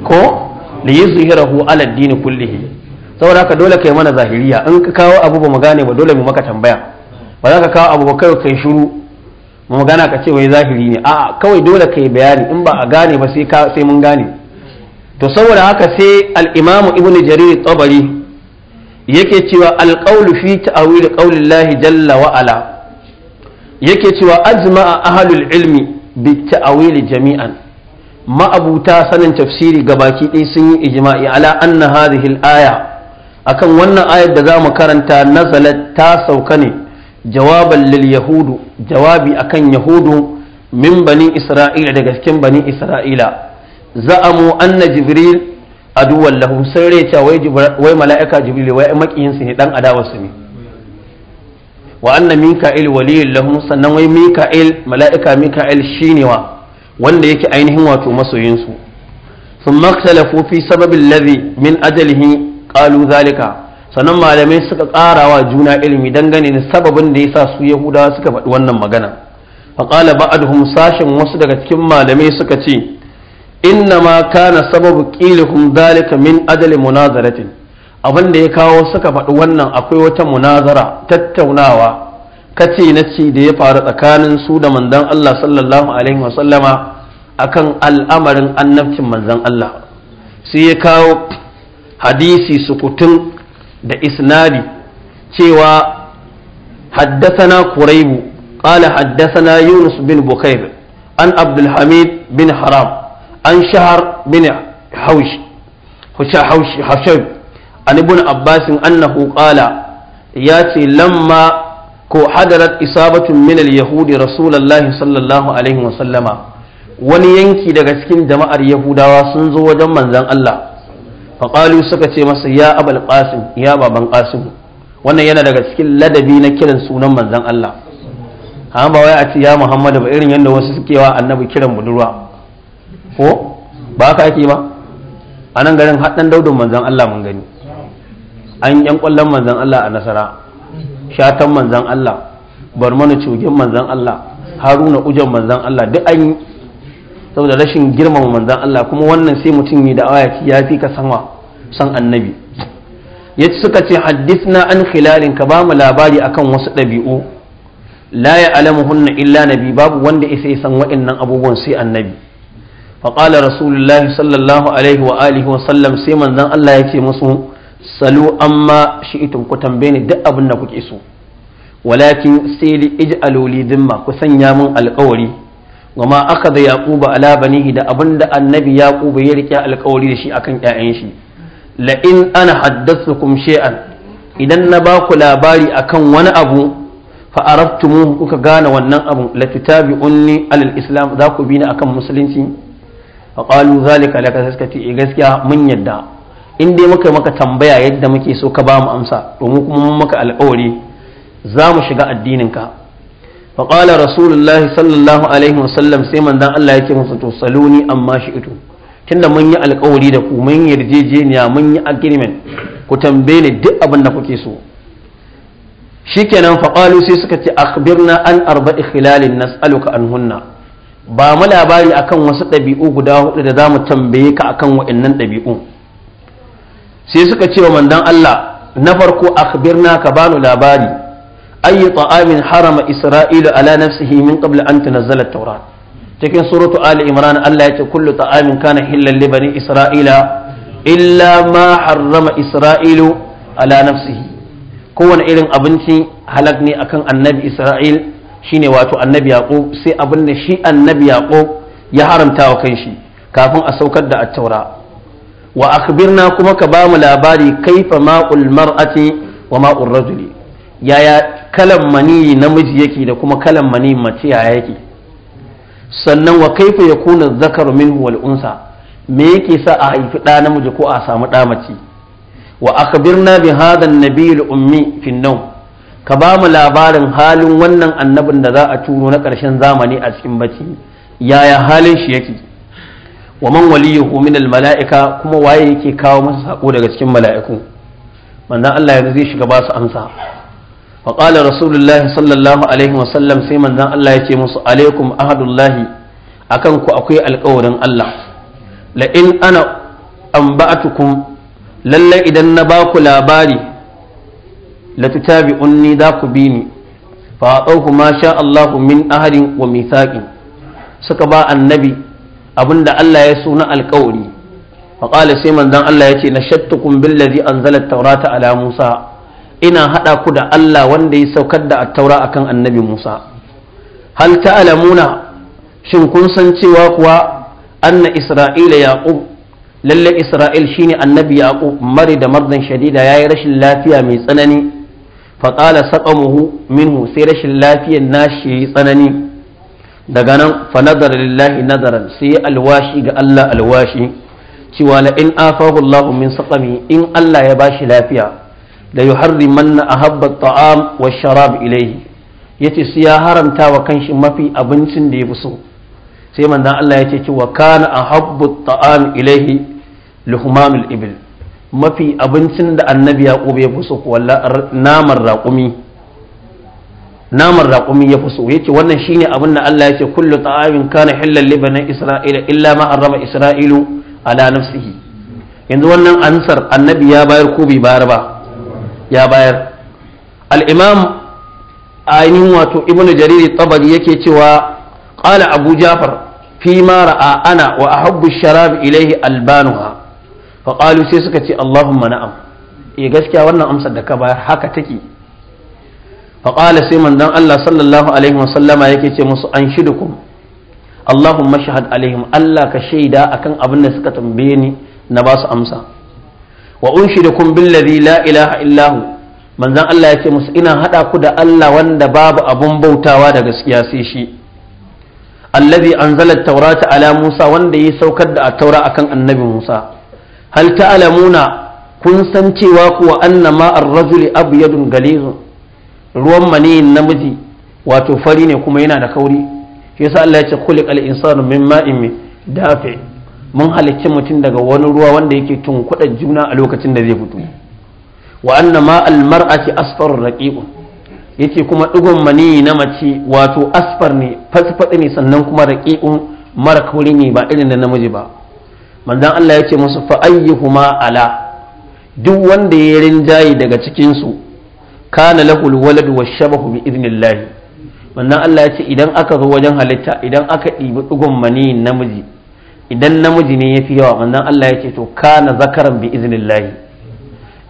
ko li yuzhirahu ala din kullihi saboda ka dole kai mana zahiriya in ka kawo abu ba mu gane ba dole mu maka tambaya ba za ka kawo abu ba kai kai shiru mu magana ka ce wai zahiri ne a'a kawai dole kai bayani in ba a gane ba sai sai mun gane to saboda haka sai al-imamu ibnu jarir tabari yake cewa alqawlu fi ta'wil qawlillahi jalla wa ala yake cewa ajma'a ahlul ilmi bi ta'wil jami'an ma'abuta sanin tafsiri gabaki ɗaya sun yi ijma'i ala anna hadhihi al-aya akan wannan ayar da zamu karanta nazalat ta sauka ne jawaban lil yahudu jawabi akan yahudu min bani isra'ila daga cikin bani isra'ila za'amu anna jibril aduwan lahu sun rai cewa wai mala'ika jibril wai makiyinsu ne dan su ne wa anna mika'il waliyin lahum sannan wai mika'il mala'ika mika'il shine wa wanda yake ainihin wato masoyinsu sun maktalafu fi sababin ladhi min ajalihi qalu zalika sannan malamai suka karawa juna ilimi dangane da sababin da yasa su yahudawa suka faɗi wannan magana fa qala ba'dhum sashin wasu daga cikin malamai suka ce ma kana sababu qilhum dalika min adli munazaratin abin da ya kawo suka faɗi wannan akwai wata munazara tattaunawa kace na ci da ya faru tsakanin su da manzon Allah sallallahu alaihi wasallama akan al'amarin annabcin manzon Allah sai ya kawo hadisi sukutun da isnadi cewa haddathana kuraibu qala haddathana yunus bin بكير an abdul hamid bin haram. an shahar bin haush hashab an ibn abbasin annahu qala ya ce lamma ko hadarat isabatun min yahudi rasulullahi sallallahu alaihi wani yanki daga cikin jama'ar yahudawa sun zo wajen manzan Allah faƙalu suka ce masa ya abal qasim ya baban qasim wannan yana daga cikin ladabi na kiran sunan manzan Allah amma ba wai a ce ya muhammadu ba irin yadda wasu suke wa annabi kiran budurwa ko ba ka ake ba a nan garin haɗin daudin manzan Allah mun gani an yan ƙwallon manzan Allah a nasara shatan manzan Allah barmanu cogin manzan Allah haruna ujan manzan Allah duk an yi. saboda rashin girmama manzan Allah kuma wannan sai mutum yi da awa ya fi ka sanwa san annabi ya suka ce na an khilalin ka ba mu labari akan wasu ɗabi'u la ya hunna illa nabi babu wanda isa san waɗannan abubuwan sai annabi فقال رسول الله صلى الله عليه وآله وسلم سيما ذن الله يتي مسو سلو أما شئتم كتنبيني دأ أبن كتئسو ولكن سيلي اجعلوا لي ذمة كسنيا من القولي وما أخذ يعقوب على بنيه دا أبن النبي يعقوب يركي القولي لشي أكن كأعينشي لئن أنا حدثتكم شيئا إذا نباكو لاباري أكن وانا أبو فأردتموه كغانا وانا أبو لتتابعني على الإسلام ذاكو بينا أكن مسلمين faƙalu zalika laka suka ce eh, gaskiya mun yadda in dai muka maka tambaya yadda muke so ka ba mu amsa domin kuma mun maka alƙawari za mu shiga addininka faƙala rasulullahi sallallahu alaihi wasallam sai manzan Allah yake musu to saluni amma shi ito tunda mun yi alƙawari da ku mun yarjejeniya mun yi agreement ku tambaye ni duk abin da kuke so shikenan faƙalu sai suka ce akhbirna an arba'i khilalin nas'aluka hunna ba mu labari akan wasu ɗabi'u guda hudu da za mu tambaye ka akan wa'annan ɗabi'u sai suka ce wa mandan Allah na farko akhbirna ka banu labari ayi ta'amin harama isra'ila ala nafsihi min qabl an tunzala at-taurat cikin suratu ali imran Allah ya ce kullu ta'amin kana hillan li bani isra'ila illa ma harrama isra'ilu ala nafsihi kowane irin abinci halak ne akan annabi isra'il shine wato annabi yaqub sai abin da shi annabi yaqub ya haramta wa kanshi kafin a saukar da at-taura wa akhbirna kuma ka bamu labari kaifa ma'ul mar'ati wa ma'ul rajuli yaya kalan mani namiji yake da kuma kalan mani mace yaya yake sannan wa kaifa yakuna zakar minhu wal unsa me yake sa a haifi ɗa namiji ko a samu ɗa mace wa akhbirna bi hadha an-nabiyil ummi fi an-nawm ka ba mu labarin halin wannan annabin da za a turo na ƙarshen zamani a cikin bacci yaya halin shi yake wa man waliyuhu min al mala'ika kuma waye yake kawo masa sako daga cikin mala'iku manzon Allah yanzu zai shiga ba su amsa wa qala rasulullahi sallallahu alaihi wa sallam sai manzon Allah yake musu alaikum ahadullahi akan ku akwai alƙawarin Allah la in ana ambatukum lalle idan na baku labari latutabi'unni za ku bi ni fa dauku ma sha Allahu min ahadin wa mithaqin suka ba annabi abinda Allah ya suna na alƙawari fa qala sai manzon Allah yace nashattukum billazi anzala at ala Musa ina hada ku da Allah wanda ya saukar da attaura taura akan annabi Musa hal ta'lamuna shin kun san cewa kuwa anna isra'ila yaqub lalle isra'il shine annabi yaqub mari da mardan shadida yayi rashin lafiya mai tsanani faƙala saƙamuhu minhu sai rashin lafiyar nashi yi tsanani daga nan fa nazara lillahi nazaran sai alwashi ga Allah alwashi cewa la in afahu Allah min saqami in Allah ya bashi lafiya da yuharrimanna ahabba at-ta'am wash-sharab ilayhi yace sai ya haramta wa kanshi mafi abincin da yafi so sai manzon Allah yace cewa kana ahabbu at-ta'am ilayhi luhmamul ibil mafi abincin da annabi ya fi so walla raƙumi naman raƙumi ya fi so wannan shine abin da Allah ce kullu ta'amin kana hillal li bani isra'ila illa ma harrama isra'ilu ala nafsihi yanzu wannan ansar annabi ya bayar ko bai bayar ba ya bayar al-imam ainihin wato ibnu jarir tabari yake cewa qala abu ja'far fi ma ra'a ana wa ahabbu sharab ilayhi albanuha faƙalu sai suka ce allahumma na'am e gaskiya wannan amsar da ka bayar haka take faƙala sai manzon allah sallallahu alaihi wa sallama yake ce musu an shidukum allahumma shahad alaihim allah ka shaida akan abin da suka tambaye ni na ba su amsa wa unshidukum billadhi la ilaha illahu manzon allah yake musu ina hada ku da allah wanda babu abun bautawa da gaskiya sai shi allazi anzala at-taurata ala musa wanda ya saukar da at-taura akan annabi musa hal ta'lamuna kun san cewa kuwa annama ar-rajuli abyadun galizun ruwan maniyin namiji wato fari ne kuma yana da kauri shi yasa Allah ya ce khuliqal insanu min ma'in dafi mun halicci mutum daga wani ruwa wanda yake tunkuɗa juna a lokacin da zai fito wa annama al-mar'ati asfar raqiqun yace kuma digon maniyi na mace wato asfar ne fasfaɗi ne sannan kuma raqiqun mara kauri ne ba irin da namiji ba manzan Allah ya ce musu fa kuma ala duk wanda ya rinjaye daga cikin su kana lahul walad washabahu bi idnillah manzan Allah ya ce idan aka zo wajen halitta idan aka ɗibi ɗigon mani namiji idan namiji ne yafi yawa manzan Allah ya ce to kana zakaran bi idnillah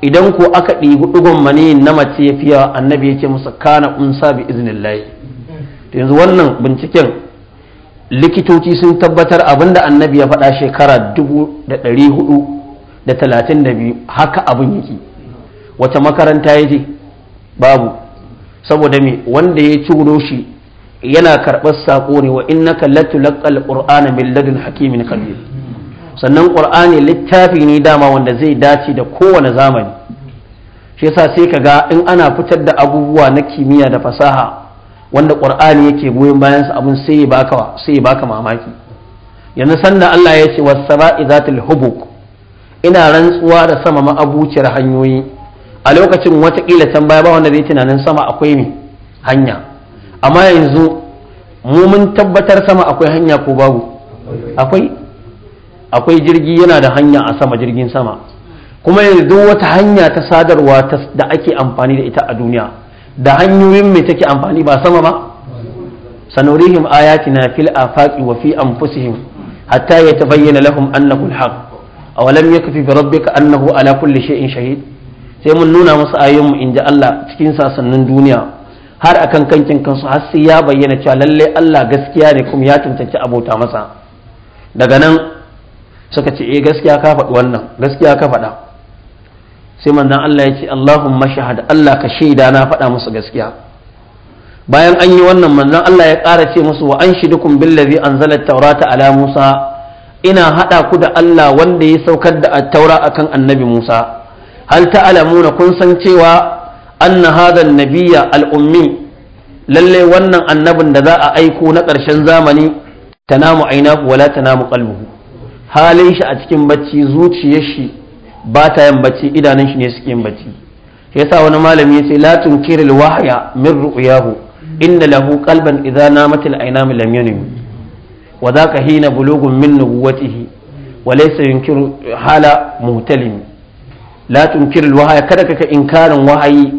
idan ko aka ɗibi ɗigon mani na mace yafi yawa annabi ya ce musu kana unsa bi idnillah yanzu wannan binciken likitoci sun tabbatar abinda annabi ya faɗa shekara 432 haka abin yake wata makaranta ya babu saboda me wanda ya ciro shi yana karɓar saƙo ne wa innaka latulaqal qur'ana min ladun hakimin kabir sannan qur'ani littafi ne dama wanda zai dace da kowane zamani shi yasa sai ka ga? in ana fitar da abubuwa na kimiyya da fasaha wanda ƙwar'ani yake goyon bayan sa abin sai baka sai mamaki yanzu sanda Allah ya ce wasu samai zatil lihubu. ina rantsuwa da sama ma'abuciyar hanyoyi a lokacin watakila can baya ba wanda zai tunanin sama akwai ne hanya amma yanzu mu mun tabbatar sama akwai hanya ko babu akwai akwai jirgi yana da hanya a sama jirgin sama kuma yanzu wata hanya ta sadarwa da ake amfani da ita a duniya da hanyoyin mai take amfani ba sama ba sanurihim ayatina fil afaqi wa fi anfusihim hatta yatabayyana lahum annahu alhaq aw lam yakfi bi rabbika annahu ala kulli shay'in shahid sai mun nuna musu ayoyin mu inda Allah cikin sasannin duniya har akan kankin kansu har sai ya bayyana cewa lalle Allah gaskiya ne kuma ya cancanci abota masa daga nan suka ce eh gaskiya ka faɗi wannan gaskiya ka faɗa sai manzon Allah ya ce Allahumma shahad Allah ka shaida na faɗa musu gaskiya bayan an yi wannan manzon Allah ya ƙara ce musu wa an billa billazi anzala taurata ala Musa ina haɗa ku da Allah wanda ya saukar da attaura akan annabi Musa hal ta'lamuna kun san cewa anna hadha an-nabiyya al-ummi lalle wannan annabin da za a aiko na ƙarshen zamani tanamu ainahu wala tanamu qalbuhu halin shi a cikin bacci zuciyar shi ba ta yin bacci idanun shi ne suke yin bacci shi yasa wani malami ya ce la kiril wahaya min ru'yahu inda lahu qalban idza namat aina lam yanam wa dhaka hina bulugun min nubuwatihi wa laysa yunkiru hala muhtalim la kiril wahaya kada in inkarin wahayi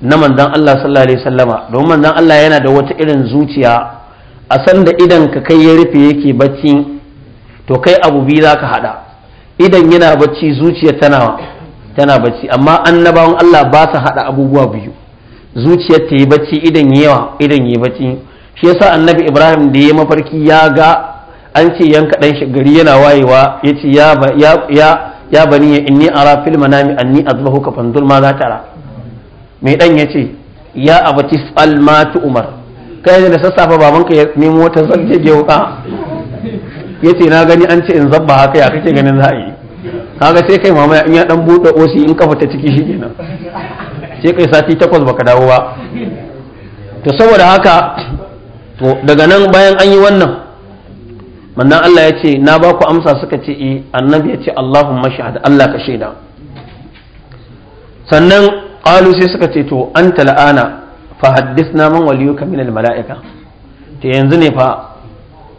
na manzon Allah sallallahu alaihi wasallama domin manzon Allah yana da wata irin zuciya a san da idan ka kai ya rufe yake bacci to kai abu biyu zaka hada idan yana bacci zuciya tana tana bacci amma annabawan Allah ba su hada abubuwa biyu zuciyar ta yi bacci idan yawa idan yi bacci shi yasa annabi Ibrahim da ya mafarki ya ga an ce yanka dan shi gari yana wayewa yace ya ya ya bani inni ara fil manami anni ka fandul ma za tara mai dan yace ya abati salmatu umar kai da sassafa babanka ya nemo wata zarje wuka yace na gani an ce in zabba haka ya kake ganin za a yi kaga sai kai mama in ya dan bude osi in kafa ta ciki shikenan sai kai sati takwas baka dawo ba to saboda haka to daga nan bayan an yi wannan mannan Allah ya ce na ba ku amsa suka ce eh annabi ya ce Allahumma shahada Allah ka shaida sannan qalu sai suka ce to anta la'ana fa haddithna man waliyuka min al mala'ika to yanzu ne fa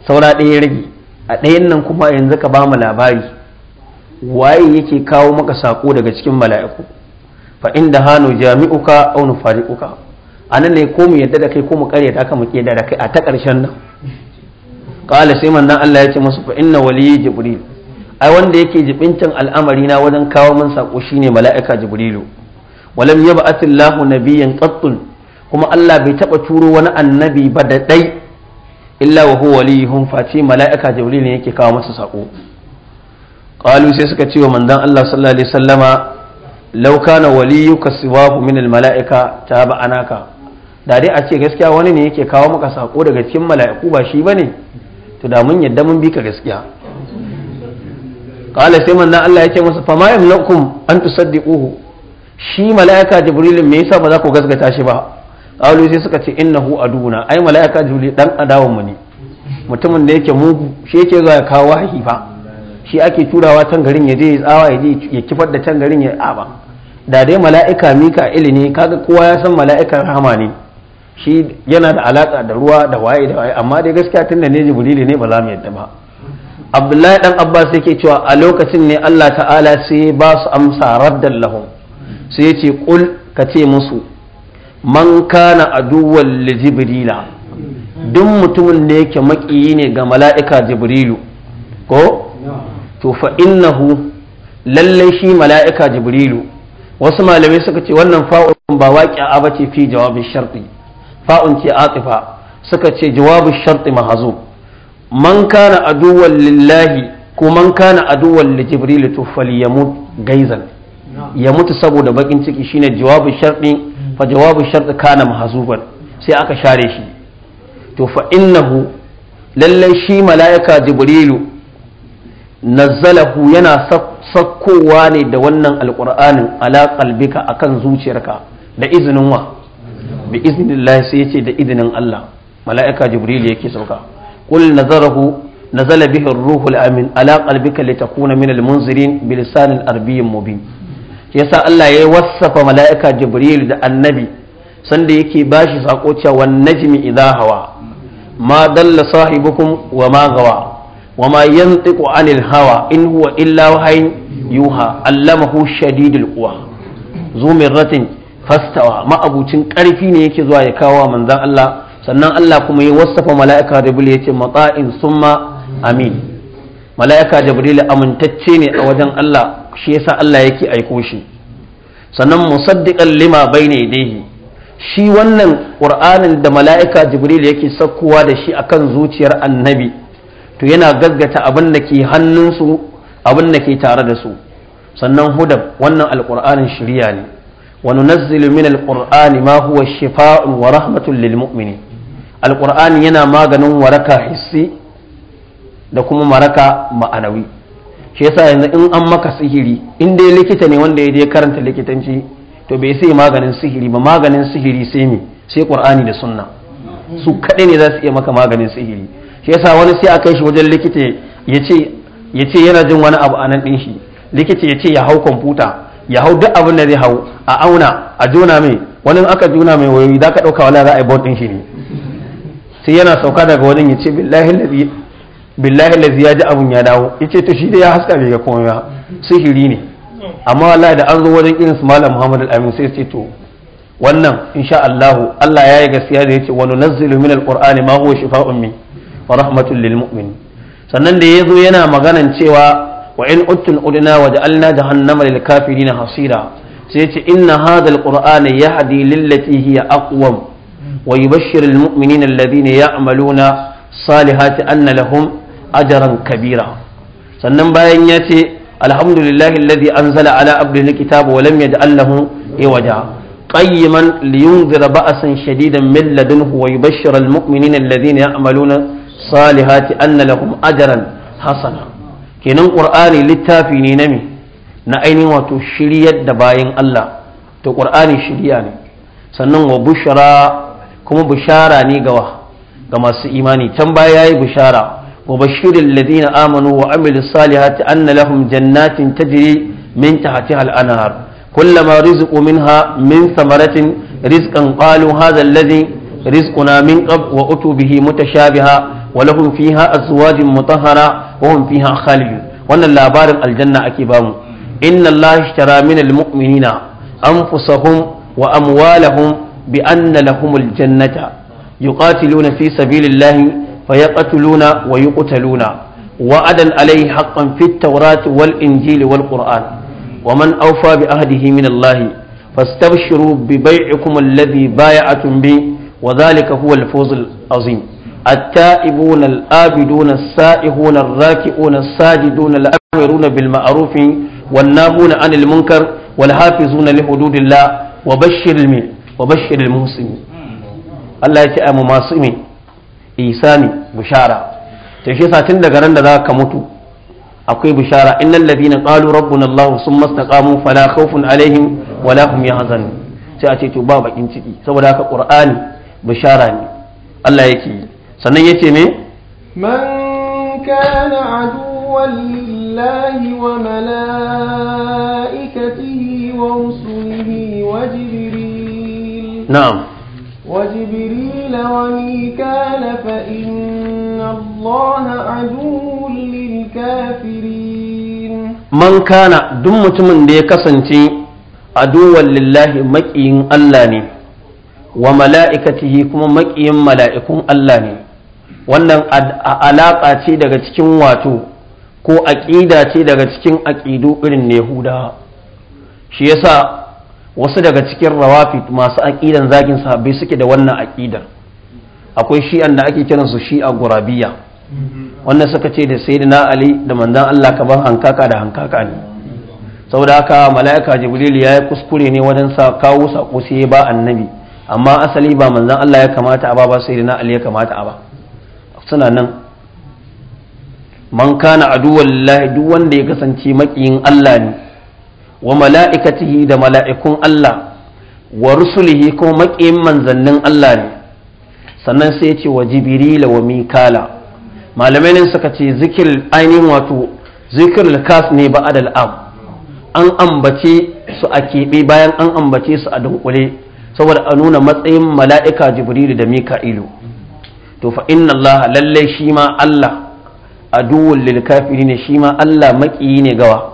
saura ɗaya ya rage a ɗayan nan kuma yanzu ka ba mu labari waye yake kawo maka sako daga cikin mala'iku fa inda hanu jami'uka aw nufariquka anan ne ko mu yadda da kai ko mu kare ta ka mu ke da kai a ta ƙarshen nan Kala sai manzon Allah ya ce musu fa inna jibril ai wanda yake jibincin al'amari na wajen kawo min sako shine mala'ika jibrilu walam na nabiyyan qattun kuma Allah bai taba turo wani annabi ba da dai illa wa huwa waliyuhum face mala'ika jibril ne yake kawo masa sako qalu sai suka ce wa manzon Allah sallallahu alaihi wasallama law kana waliyuka siwahu min al mala'ika anaka. da dai a ce gaskiya wani ne yake kawo maka sako daga cikin mala'iku ba shi bane to da mun yadda mun bi ka gaskiya qala sai manzon Allah yake masa fama yamlakum an tusaddiquhu shi mala'ika jibril me yasa ba za ku gaskata shi ba aulu sai suka ce innahu aduna ai malaika juli dan adawun mu ne mutumin da yake mugu shi yake zuwa ya kawo wahyi fa shi ake turawa can garin ya je ya tsawa ya ya kifar da can garin ya aba da dai mala'ika mika ne kaga kowa ya san mala'ikan rahama ne shi yana da alaka da ruwa da waye da waye amma dai gaskiya tunda ne jibril ne ba za mu yadda ba abdullahi dan abbas yake cewa a lokacin ne allah ta'ala sai ba su amsa raddan lahum sai ya ce kul ka ce musu man kana aduwwan li jibrila duk mutumin da yake maƙiyi ne ga mala'ika jibrilu ko to fa innahu lallai shi mala'ika jibrilu wasu malamai suka ce wannan fa'un ba waƙi'a ba ce fi jawabin sharti fa'un ce atifa suka ce jawabin sharti mahazo man kana aduwwan lillahi ko man kana aduwwan li jibrilu to yamut gaizan ya mutu saboda bakin ciki shine jawabin sharti fa jawabu shart kana mahzuban sai aka share shi to fa innahu lallai shi mala'ika jibrilu nazzalahu yana sakkowa ne da wannan alqur'anin ala qalbika akan zuciyarka da izinin wa bi iznillah sai yace da izinin Allah mala'ika jibrilu yake sauka qul nazarahu nazala bihi ar-ruhul amin ala qalbika litakuna min al-munzirin bi lisanin arabiy mubin yasa Allah ya wassafa mala'ika Jibril da annabi sanda yake bashi sako cewa najmi idha hawa ma dalla sahibukum wa ma gawa wa ma yantiqu anil hawa in huwa illa wahayin yuha allamahu shadidul quwa zu mirratin fastawa ma abucin karfi ne yake zuwa ya kawo manzon Allah sannan Allah kuma ya wassafa mala'ika Jibril yace mata'in summa amin mala'ika Jibril amintacce ne a wajen Allah shi yasa Allah yake aiko shi sannan musaddiqan lima bayna yadayhi shi wannan qur'anin da mala'ika jibril yake sakkowa da shi akan zuciyar annabi to yana gaggata abin da ke hannunsu abin da ke tare da su sannan hudab wannan alqur'anin shiriya ne wa nunazzilu min alqur'ani ma huwa shifaa'un wa rahmatun lil mu'minin alqur'ani yana maganin waraka hissi da kuma maraka ma'anawi shi yasa yanzu in an maka sihiri in dai likita ne wanda ya je karanta likitanci to bai sai maganin sihiri ba maganin sihiri sai me sai qur'ani da sunna su kadai ne za su iya maka maganin sihiri shi yasa wani sai a kai shi wajen likita ya ce yana jin wani abu a nan din shi likita ya ce ya hau kwamfuta ya hau duk abin da zai hau a auna a juna mai wani aka juna mai wayoyi za ka ɗauka wala za a yi bot ɗin shi ne sai yana sauka daga wajen ya ce billahi billahi lazi ya ji abun ya dawo ya ce to shi da ya haska bai ga komai ba sihiri ne amma wallahi da an zo wajen irin su malam muhammad al-amin sai ce to wannan insha Allah Allah ya yi gaskiya da yace wa nunazzilu min al-qur'ani ma huwa shifaa'un min wa rahmatun lil sannan da yazo yana maganan cewa wa in uttun udna wa ja'alna jahannama lil kafirin hasira sai yace inna hadha al ya yahdi lillati hiya aqwam wa yubashshiru al-mu'minina alladhina ya'maluna salihati anna lahum ajaran kabira sannan bayan ya ce alhamdulillahi alladhi anzala ala abdihi alkitaba wa lam yaj'al lahu iwaja ƙayyiman liyunzira ba'asan shadidan min ladunhu wa yubashshira almu'minina alladhina ya'maluna salihati anna lahum ajran hasana kenan ƙur'ani littafi ne na me na ainihin wato shiryar da bayan Allah to ƙur'ani shiri'a ne sannan wa bushra kuma bushara ne ga ga masu imani can baya yayi bushara وبشر الذين آمنوا وعملوا الصالحات أن لهم جنات تجري من تحتها الأنهار كلما رزقوا منها من ثمرة رزقا قالوا هذا الذي رزقنا من قبل وأتوا به متشابها ولهم فيها أزواج مطهرة وهم فيها خالدون وأن اللابار الجنة أكبام إن الله اشترى من المؤمنين أنفسهم وأموالهم بأن لهم الجنة يقاتلون في سبيل الله fa yaqtuluna wa yuqtaluna وعدا عليه حقا في التوراة والإنجيل والقرآن ومن أوفى بعهده من الله فاستبشروا ببيعكم الذي بايعتم به وذلك هو الفوز العظيم التائبون الآبدون السائحون الراكعون الساجدون الآمرون بالمعروف والناهون عن المنكر والحافظون لحدود الله وبشر المين وبشر المحسنين الله يتأم ماسمين isani bushara to shi satin daga ran da za ka mutu akwai bushara innal na qalu rabbuna allah summa istaqamu fala khawfun alaihim wala hum yahzanun sai a ce to ba bakin ciki saboda haka qur'ani bushara ne Allah yake yi sannan yace me man kana aduwwan lillahi wa malaikatihi wa rusulihi wa jibril na'am وجبريل وميكال فإن الله عدو للكافرين من كان دمة من دي كسنتي عدوا لله مكين اللاني وملائكته كما مكين ملائكم اللاني wannan alaƙa ce daga cikin wato ko aƙida ce daga cikin aƙidu irin ne huda shi yasa wasu daga cikin rawafi masu aƙidan zagin sahabbai suke da wannan aƙidar akwai shi'an da ake kiran su shi'a gurabiya wanda suka ce da sai na ali da manzan allah kamar hankaka da hankaka ne saboda haka mala'ika jibril ya yi kuskure ne wajen sa kawo sako sai ba annabi amma asali ba manzan allah ya kamata a ba ba sai na ali ya kamata a ba suna nan man kana aduwan lillahi duk wanda ya kasance makiyin Allah ne wa mala'ikatihi da mala'ikun Allah wa rusulihi kuma maƙiyin manzannin Allah ne sannan sai ya ce wa jibrila wa mikala malamai ne suka ce zikir ainihin wato zikir kas ne ba adal am an ambace su a keɓe bayan an ambace su a dunkule saboda a nuna matsayin mala'ika jibrilu da mika'ilu to fa inna Allah lalle shi ma Allah a duwul lil ne shi ma Allah maƙiyi ne gawa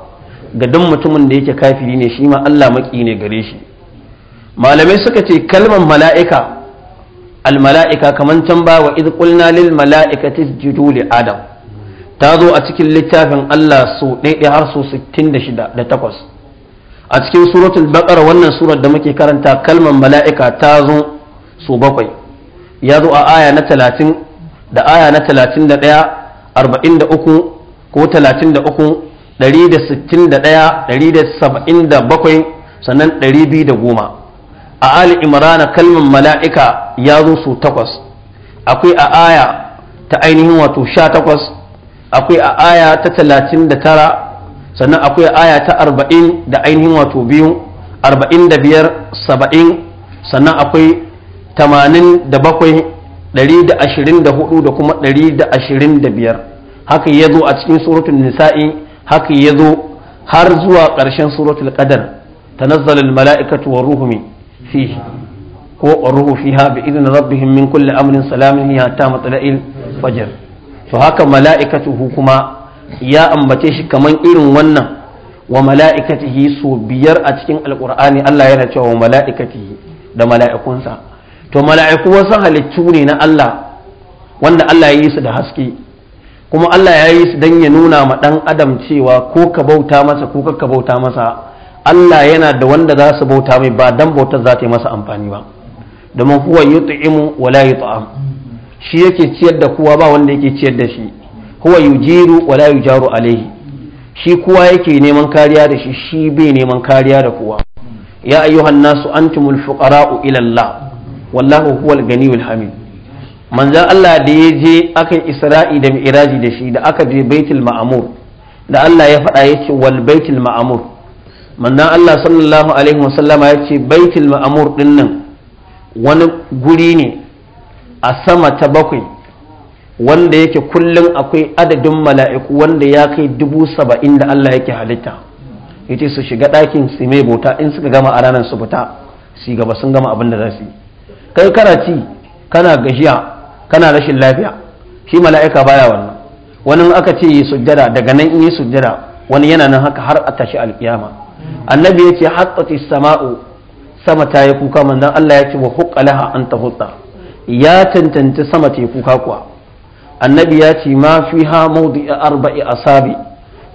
ga duk mutumin da yake kafiri ne shi ma Allah maki ne gare shi malamai suka ce kalmar mala'ika almala'ika kaman can ba wa idh qulna lil mala'ikati isjudu li adam ta zo a cikin littafin Allah su ɗaiɗe har su 66 da takwas a cikin suratul baqara wannan surar da muke karanta kalmar mala'ika ta zo su bakwai ya zo a aya na 30 da aya na 31 43 ko uku. 161 sannan 210 a ali imrana kalmar mala'ika ya zo su takwas akwai a aya ta ainihin wato sha takwas akwai a aya ta talatin da tara sannan akwai aya ta arba'in da ainihin wato biyu arba'in da biyar saba'in sannan akwai tamanin da bakwai ɗari da ashirin da hudu da kuma ɗari da ashirin da biyar haka ya zo a cikin surutun nisa'i haka ya zo har zuwa ƙarshen suratul qadar tanazzalul mala'ikatu war ruhu fihi ko ruhu fiha bi idin rabbihim min kulli amrin salamin hiya ta matsala'il fajar. to haka mala'ikatu kuma ya ambace shi kaman irin wannan wa mala'ikatihi biyar a cikin Alƙur'ani, Allah yana cewa wa mala'ikatihi da mala'ikunsa to mala'iku wasu halittu ne na Allah wanda Allah ya yi su da haske kuma Allah ya yi su don ya nuna ma ɗan adam cewa ko ka bauta masa ko ka bauta masa Allah yana da wanda za su bauta mai ba dan bautar za ta yi masa amfani ba domin huwa yut'imu wa la yut'am shi yake ciyar da kowa ba wanda yake ciyar da shi huwa yujiru wa la yujaru alaihi shi kowa yake neman kariya da shi shi bai neman kariya da kowa ya ayyuhan nasu antumul fuqara'u ila Allah wallahu huwal ganiyul hamid manzan Allah da ya je aka yi isra'i da mi'raji da shi da aka je baitul ma'amur da Allah ya faɗa ya ce wal baitul ma'amur manzan Allah sallallahu alaihi wasallama ya ce baitul ma'amur ɗin nan wani guri ne a sama ta bakwai wanda yake kullum akwai adadin mala'iku wanda ya kai dubu saba'in da Allah yake halitta yace su shiga ɗakin su mai bauta in suka gama a ranar su fita su gaba sun gama abin da za su yi kai karaci kana gajiya kana rashin lafiya shi mala'ika baya wannan wani aka ce yi sujjada daga nan in yi sujjada wani yana nan haka har a tashi alkiyama annabi ya ce hattati sama'u sama ta yi kuka manzon Allah ya ce wa huqqalaha an tahutta ya tantance sama ta yi kuka kuwa annabi ya ce ma fiha mawdi'a arba'i asabi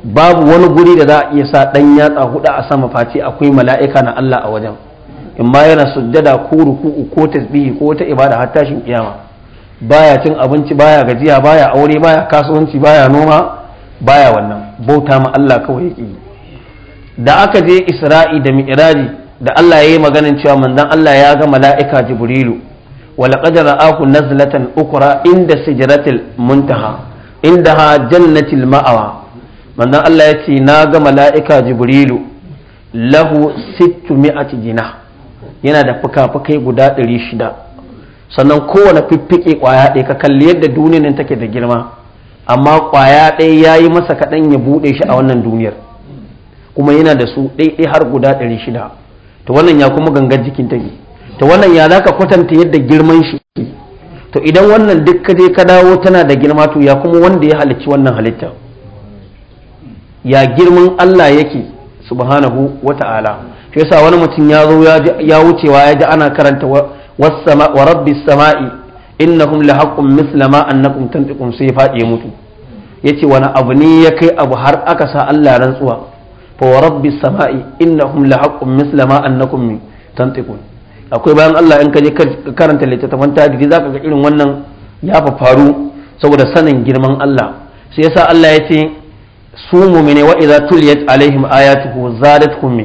babu wani guri da za a iya sa dan yatsa hudu a sama face akwai mala'ika na Allah a wajen in ma yana sujjada ko ruku'u ko tasbihi ko ta ibada har tashin kiyama baya cin abinci baya gajiya baya aure baya kasuwanci baya noma baya wannan bauta ma Allah kawai yake da aka je Isra'i da Mi'raji da Allah ya yi maganin cewa manzon Allah ya ga mala'ika Jibrilu wa laqad ra'ahu nazlatan ukra inda sijratil muntaha inda ha jannatil ma'awa manzon Allah ya ce na ga mala'ika Jibrilu lahu 600 jina yana da fuka-fukai guda 600 sannan kowane fiffike kwaya ɗaya ka kalli yadda duniyar take da girma amma kwaya ɗaya ya yi masa kaɗan ya buɗe shi a wannan duniyar kuma yana da su ɗaiɗai har guda ɗari shida to wannan ya kuma gangar jikin ta to wannan ya za ka kwatanta yadda girman shi to idan wannan duk ka je ka dawo tana da girma to ya kuma wanda ya halicci wannan halitta ya girman Allah yake subhanahu wata'ala shi yasa wani mutum ya zo ya wucewa ya ji ana karanta wa rabbi sama'i innahum lahaqqum mithla ma annakum tantiqum sai faɗi ya mutu yace wani abu ne ya kai abu har aka sa Allah rantsuwa fa wa rabbi sama'i innahum lahaqqum mithla ma annakum tantiqun akwai bayan Allah in ka karanta karanta littattafan tarihi zaka ga irin wannan ya fa faru saboda sanin girman Allah sai yasa Allah ya ce su mu'mine wa idza tuliyat alaihim ayatuhu zadatkum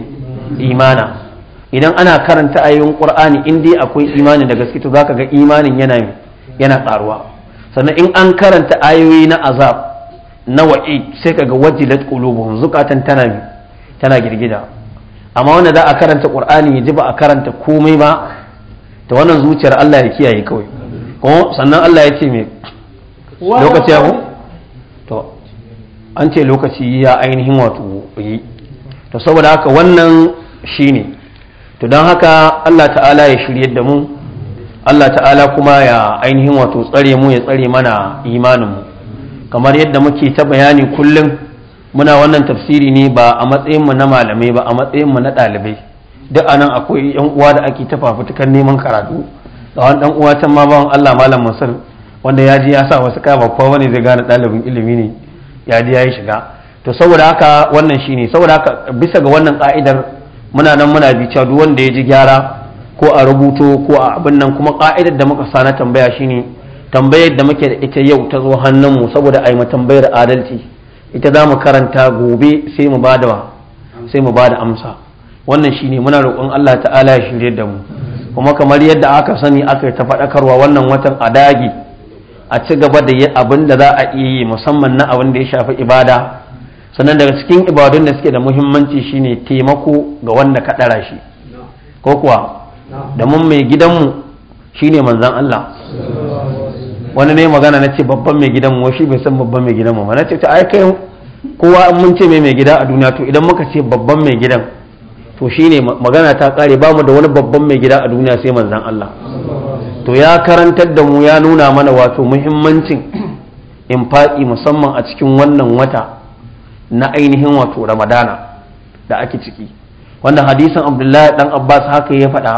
imana idan ana karanta ayoyin ƙur'ani in dai akwai imani da gaske to zaka ga imanin yana yana karuwa sannan in an karanta ayoyi na azab na wa'i sai kaga wajilat qulubuhum zukatan tana tana girgida amma wanda za a karanta qur'ani ya ji ba a karanta komai ba to wannan zuciyar Allah ya kiyaye kawai kuma sannan Allah ya ce me lokaci ya to an ce lokaci ya ainihin wato yi to saboda haka wannan shine to don haka Allah ta'ala ya shiryar da mu Allah ta'ala kuma ya ainihin wato tsare mu ya tsare mana imaninmu kamar yadda muke ta bayani kullum muna wannan tafsiri ne ba a matsayinmu na malamai ba a matsayinmu na ɗalibai duk anan akwai yan uwa da ake ta fafutukan neman karatu da wani ɗan uwa can ma bawan Allah malam Masar wanda ya ji ya sa wasu kaya ba kowa zai gane ɗalibin ilimi ne ya ji ya yi shiga to saboda haka wannan shine saboda haka bisa ga wannan ka'idar muna nan muna bi cewa duk wanda ya ji gyara ko a rubuto ko a abin nan kuma ka'idar da muka sana tambaya shine tambayar da muke da ita yau ta zo hannunmu saboda a yi tambayar adalci ita za mu karanta gobe sai mu ba da amsa wannan shine muna roƙon Allah ta'ala ya shirye da mu kuma kamar yadda aka sani aka yi ta faɗakarwa wannan watan a dagi a ci gaba da abin da za a iya yi musamman na abin da ya shafi ibada sannan daga cikin ibadun da suke da muhimmanci shine taimako ga wanda ka ɗara shi ko kuwa da mun mai gidanmu shine manzan Allah wani ne magana na ce babban mai gidanmu shi bai san babban mai gidanmu ba na ce ai kai kowa mun ce mai mai gida a duniya to idan muka ce babban mai gidan to shine magana ta kare ba mu da wani babban mai gida a duniya sai manzan Allah to ya karantar da mu ya nuna mana wato muhimmancin in faɗi musamman a cikin wannan wata na ainihin wato ramadana da ake ciki wanda hadisin abdullahi dan abbas haka ya faɗa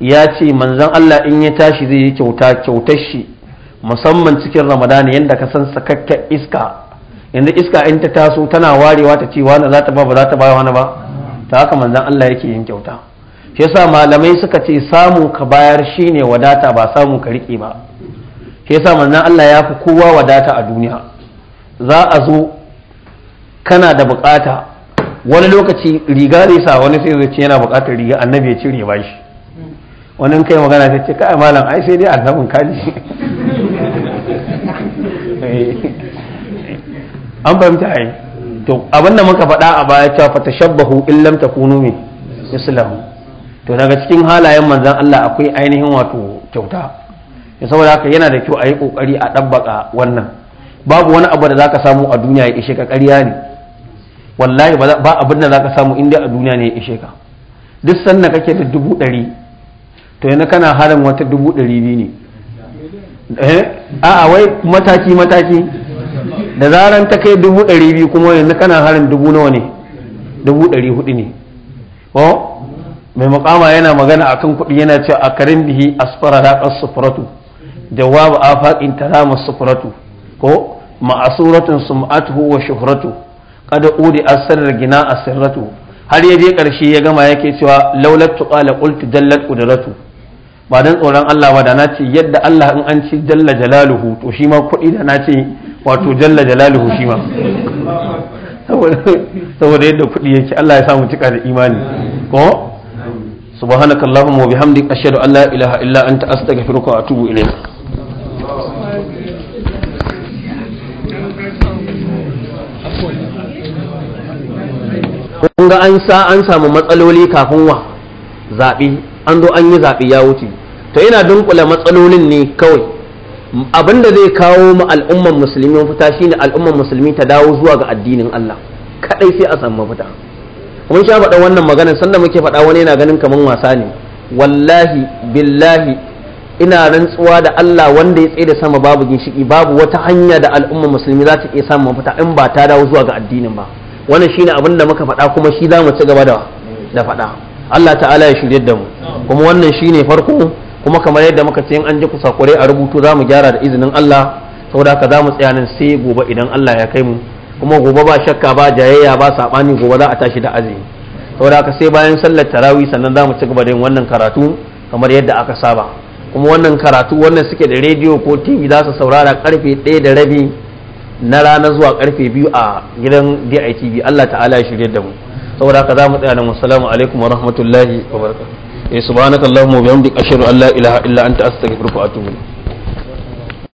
ya ce manzon allah in ya tashi zai yi kyauta kyautar shi musamman cikin ramadana yadda ka san sakakka iska yanzu iska in ta taso tana warewa ta ce wani za ta ba ba za ta ba wani ba ta haka manzan allah yake yin kyauta shi yasa malamai suka ce samu ka bayar shi ne wadata ba samu ka riƙe ba shi yasa manzon allah ya fi kowa wadata a duniya za a zo kana da bukata wani lokaci riga zai sa wani sai zai ce yana bukatar riga annabi ya cire ba shi wani kai magana sai ce kai malam ai sai dai annabin kaji eh. an fahimta ai to abin da muka faɗa a baya cewa fa tashabbahu in lam takunu min islam to daga cikin halayen manzon Allah akwai ainihin wato kyauta ya saboda haka yana da kyau a yi kokari a ɗabbaka wannan babu wani abu da zaka samu a duniya ya ishe ka ƙarya ne wallahi ba abin da za ka samu inda a duniya ne ya ishe ka duk sanna kake da dubu ɗari to yana kana harin wata dubu ɗari biyu ne eh? a'a wai mataki mataki da zaran ta kai dubu ɗari biyu kuma yanzu kana harin dubu nawa ne dubu ɗari hudu ne ko mai makama yana magana akan kuɗi yana cewa a karin bihi asfara raƙar sufuratu jawabu a afaƙin talama sufuratu ko ma'asuratun sumatu wa shuhuratu qad udi asrar gina asratu har yaje karshe ya gama yake cewa laulat tuqala qult dallat qudratu ba dan tsoron Allah ba da na ce yadda Allah in an ci jalla jalaluhu to shi ma kuɗi da na ce wato jalla jalaluhu shi ma saboda yadda kuɗi yake Allah ya samu cika da imani ko subhanakallahumma wa bihamdika ashhadu an la ilaha illa anta astaghfiruka wa atubu ilayk kun ga an sa an samu matsaloli kafin wa zaɓi an zo an yi zaɓi ya wuce to ina dunkula matsalolin ne kawai abin da zai kawo mu al'umman musulmi mafita shine al'umman musulmi ta dawo zuwa ga addinin Allah kadai sai a samu mafita mun sha faɗa wannan maganar sanda muke faɗa wani yana ganin kaman wasa ne wallahi billahi ina rantsuwa da Allah wanda ya tsaye da sama babu ginshiki babu wata hanya da al'umma musulmi za ta iya samu mafita in ba ta dawo zuwa ga addinin ba wannan shine abin da muka faɗa kuma shi za mu ci gaba da da faɗa Allah ta'ala ya shirye da mu kuma wannan shine farko kuma kamar yadda muka ce in an ji sakure a rubutu za mu gyara da izinin Allah saboda ka za mu tsaya nan sai gobe idan Allah ya kai mu kuma gobe ba shakka ba jayayya ba sabani gobe za a tashi da azumi saboda ka sai bayan sallar tarawih sannan za mu ci gaba da yin wannan karatu kamar yadda aka saba kuma wannan karatu wannan suke da rediyo ko tv za su saurara karfe 1 da rabi na rana zuwa karfe biyu a gidan DITV Allah ta'ala ya shirye da mu saboda haka za mu tsaya nan assalamu alaikum wa rahmatullahi wa barakatuh eh, subhanakallahumma wa bihamdika ashhadu an la ilaha illa anta astaghfiruka wa atubu ilayk